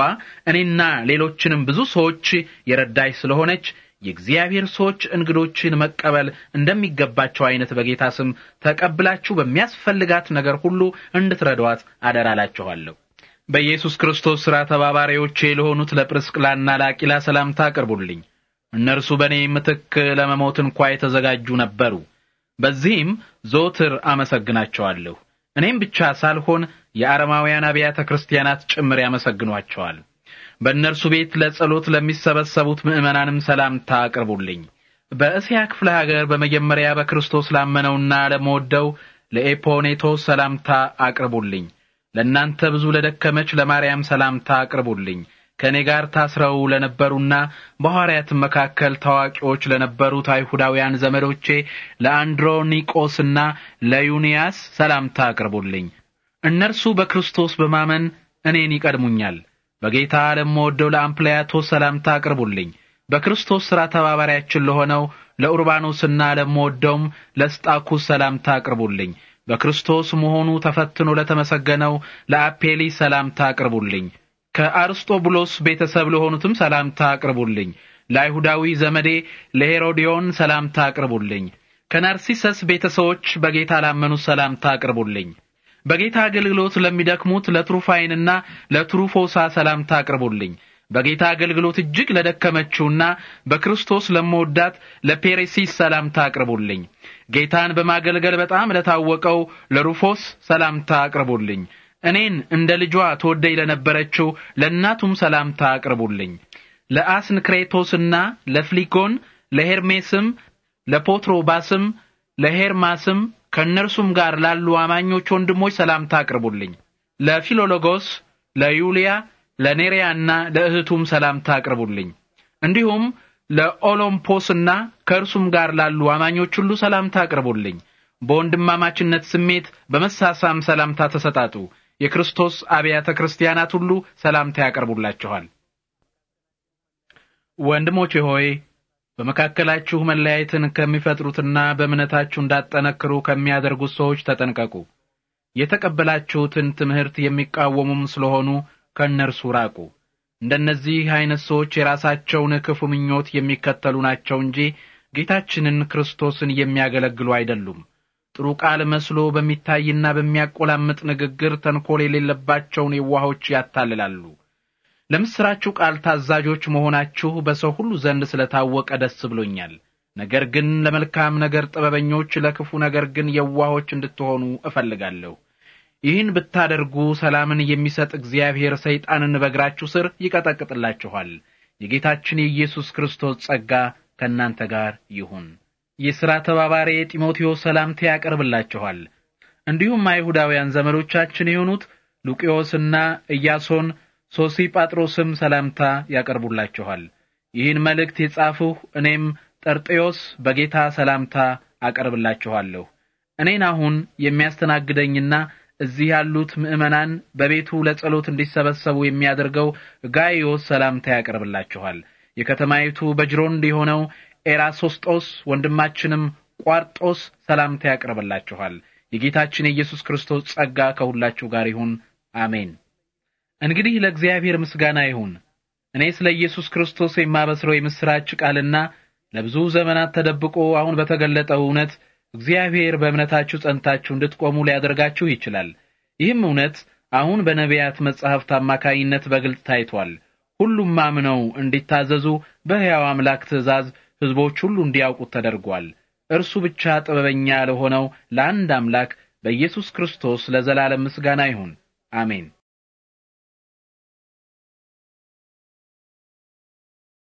እኔና ሌሎችንም ብዙ ሰዎች የረዳች ስለሆነች የእግዚአብሔር ሰዎች እንግዶችን መቀበል እንደሚገባቸው አይነት በጌታ ስም ተቀብላችሁ በሚያስፈልጋት ነገር ሁሉ እንድትረዷት አደራላችኋለሁ። በኢየሱስ ክርስቶስ ሥራ ተባባሪዎቼ ለሆኑት ለጵርስቅላና ለአቂላ ሰላምታ አቅርቡልኝ። እነርሱ በእኔ ምትክ ለመሞት እንኳ የተዘጋጁ ነበሩ። በዚህም ዘወትር አመሰግናቸዋለሁ። እኔም ብቻ ሳልሆን የአረማውያን አብያተ ክርስቲያናት ጭምር ያመሰግኗቸዋል። በእነርሱ ቤት ለጸሎት ለሚሰበሰቡት ምእመናንም ሰላምታ አቅርቡልኝ። በእስያ ክፍለ ሀገር በመጀመሪያ በክርስቶስ ላመነውና ለመወደው ለኤፖኔቶስ ሰላምታ አቅርቡልኝ። ለእናንተ ብዙ ለደከመች ለማርያም ሰላምታ አቅርቡልኝ። ከእኔ ጋር ታስረው ለነበሩና በሐዋርያትም መካከል ታዋቂዎች ለነበሩት አይሁዳውያን ዘመዶቼ ለአንድሮኒቆስና ለዩንያስ ሰላምታ አቅርቡልኝ። እነርሱ በክርስቶስ በማመን እኔን ይቀድሙኛል። በጌታ ለምወደው ለአምፕሊያቶስ ሰላምታ አቅርቡልኝ። በክርስቶስ ሥራ ተባባሪያችን ለሆነው ለኡርባኖስና ለምወደውም ለስጣኩስ ሰላምታ አቅርቡልኝ። በክርስቶስ መሆኑ ተፈትኖ ለተመሰገነው ለአፔሊ ሰላምታ አቅርቡልኝ። ከአርስጦብሎስ ቤተሰብ ለሆኑትም ሰላምታ አቅርቡልኝ። ለአይሁዳዊ ዘመዴ ለሄሮዲዮን ሰላምታ አቅርቡልኝ። ከናርሲሰስ ቤተሰቦች በጌታ ላመኑት ሰላምታ አቅርቡልኝ። በጌታ አገልግሎት ለሚደክሙት ለትሩፋይንና ለትሩፎሳ ሰላምታ አቅርቡልኝ። በጌታ አገልግሎት እጅግ ለደከመችውና በክርስቶስ ለመወዳት ለፔሬሲስ ሰላምታ አቅርቡልኝ። ጌታን በማገልገል በጣም ለታወቀው ለሩፎስ ሰላምታ አቅርቡልኝ። እኔን እንደ ልጇ ተወደይ ለነበረችው ለእናቱም ሰላምታ አቅርቡልኝ። ለአስንክሬቶስና ለፍሊጎን፣ ለሄርሜስም፣ ለፖትሮባስም፣ ለሄርማስም ከእነርሱም ጋር ላሉ አማኞች ወንድሞች ሰላምታ አቅርቡልኝ። ለፊሎሎጎስ፣ ለዩሊያ፣ ለኔሪያና ለእህቱም ሰላምታ አቅርቡልኝ። እንዲሁም ለኦሎምፖስና ከእርሱም ጋር ላሉ አማኞች ሁሉ ሰላምታ አቅርቡልኝ። በወንድማማችነት ስሜት በመሳሳም ሰላምታ ተሰጣጡ። የክርስቶስ አብያተ ክርስቲያናት ሁሉ ሰላምታ ያቀርቡላችኋል። ወንድሞቼ ሆይ በመካከላችሁ መለያየትን ከሚፈጥሩትና በእምነታችሁ እንዳጠነክሩ ከሚያደርጉት ሰዎች ተጠንቀቁ። የተቀበላችሁትን ትምህርት የሚቃወሙም ስለሆኑ ከእነርሱ ራቁ። እንደነዚህ አይነት ሰዎች የራሳቸውን ክፉ ምኞት የሚከተሉ ናቸው እንጂ ጌታችንን ክርስቶስን የሚያገለግሉ አይደሉም። ጥሩ ቃል መስሎ በሚታይና በሚያቆላምጥ ንግግር ተንኮል የሌለባቸውን የዋሆች ያታልላሉ። ለምስራችሁ ቃል ታዛዦች መሆናችሁ በሰው ሁሉ ዘንድ ስለታወቀ ደስ ብሎኛል። ነገር ግን ለመልካም ነገር ጥበበኞች፣ ለክፉ ነገር ግን የዋሆች እንድትሆኑ እፈልጋለሁ። ይህን ብታደርጉ ሰላምን የሚሰጥ እግዚአብሔር ሰይጣንን በእግራችሁ ስር ይቀጠቅጥላችኋል። የጌታችን የኢየሱስ ክርስቶስ ጸጋ ከእናንተ ጋር ይሁን። የሥራ ተባባሪ ጢሞቴዎስ ሰላምታ ያቀርብላችኋል። እንዲሁም አይሁዳውያን ዘመዶቻችን የሆኑት ሉቂዮስና ኢያሶን ሶሲጳጥሮስም ሰላምታ ያቀርቡላችኋል። ይህን መልእክት የጻፍሁ እኔም ጠርጤዎስ በጌታ ሰላምታ አቀርብላችኋለሁ። እኔን አሁን የሚያስተናግደኝና እዚህ ያሉት ምእመናን በቤቱ ለጸሎት እንዲሰበሰቡ የሚያደርገው ጋይዮስ ሰላምታ ያቀርብላችኋል። የከተማይቱ በጅሮንድ የሆነው ኤራሶስጦስ ወንድማችንም ቋርጦስ ሰላምታ ያቀርብላችኋል። የጌታችን የኢየሱስ ክርስቶስ ጸጋ ከሁላችሁ ጋር ይሁን። አሜን። እንግዲህ ለእግዚአብሔር ምስጋና ይሁን። እኔ ስለ ኢየሱስ ክርስቶስ የማበስረው የምስራች ቃልና ለብዙ ዘመናት ተደብቆ አሁን በተገለጠው እውነት እግዚአብሔር በእምነታችሁ ጸንታችሁ እንድትቆሙ ሊያደርጋችሁ ይችላል። ይህም እውነት አሁን በነቢያት መጻሕፍት አማካኝነት በግልጽ ታይቷል። ሁሉም አምነው እንዲታዘዙ በሕያው አምላክ ትእዛዝ ሕዝቦች ሁሉ እንዲያውቁት ተደርጓል። እርሱ ብቻ ጥበበኛ ለሆነው ለአንድ አምላክ በኢየሱስ ክርስቶስ ለዘላለም ምስጋና ይሁን። አሜን።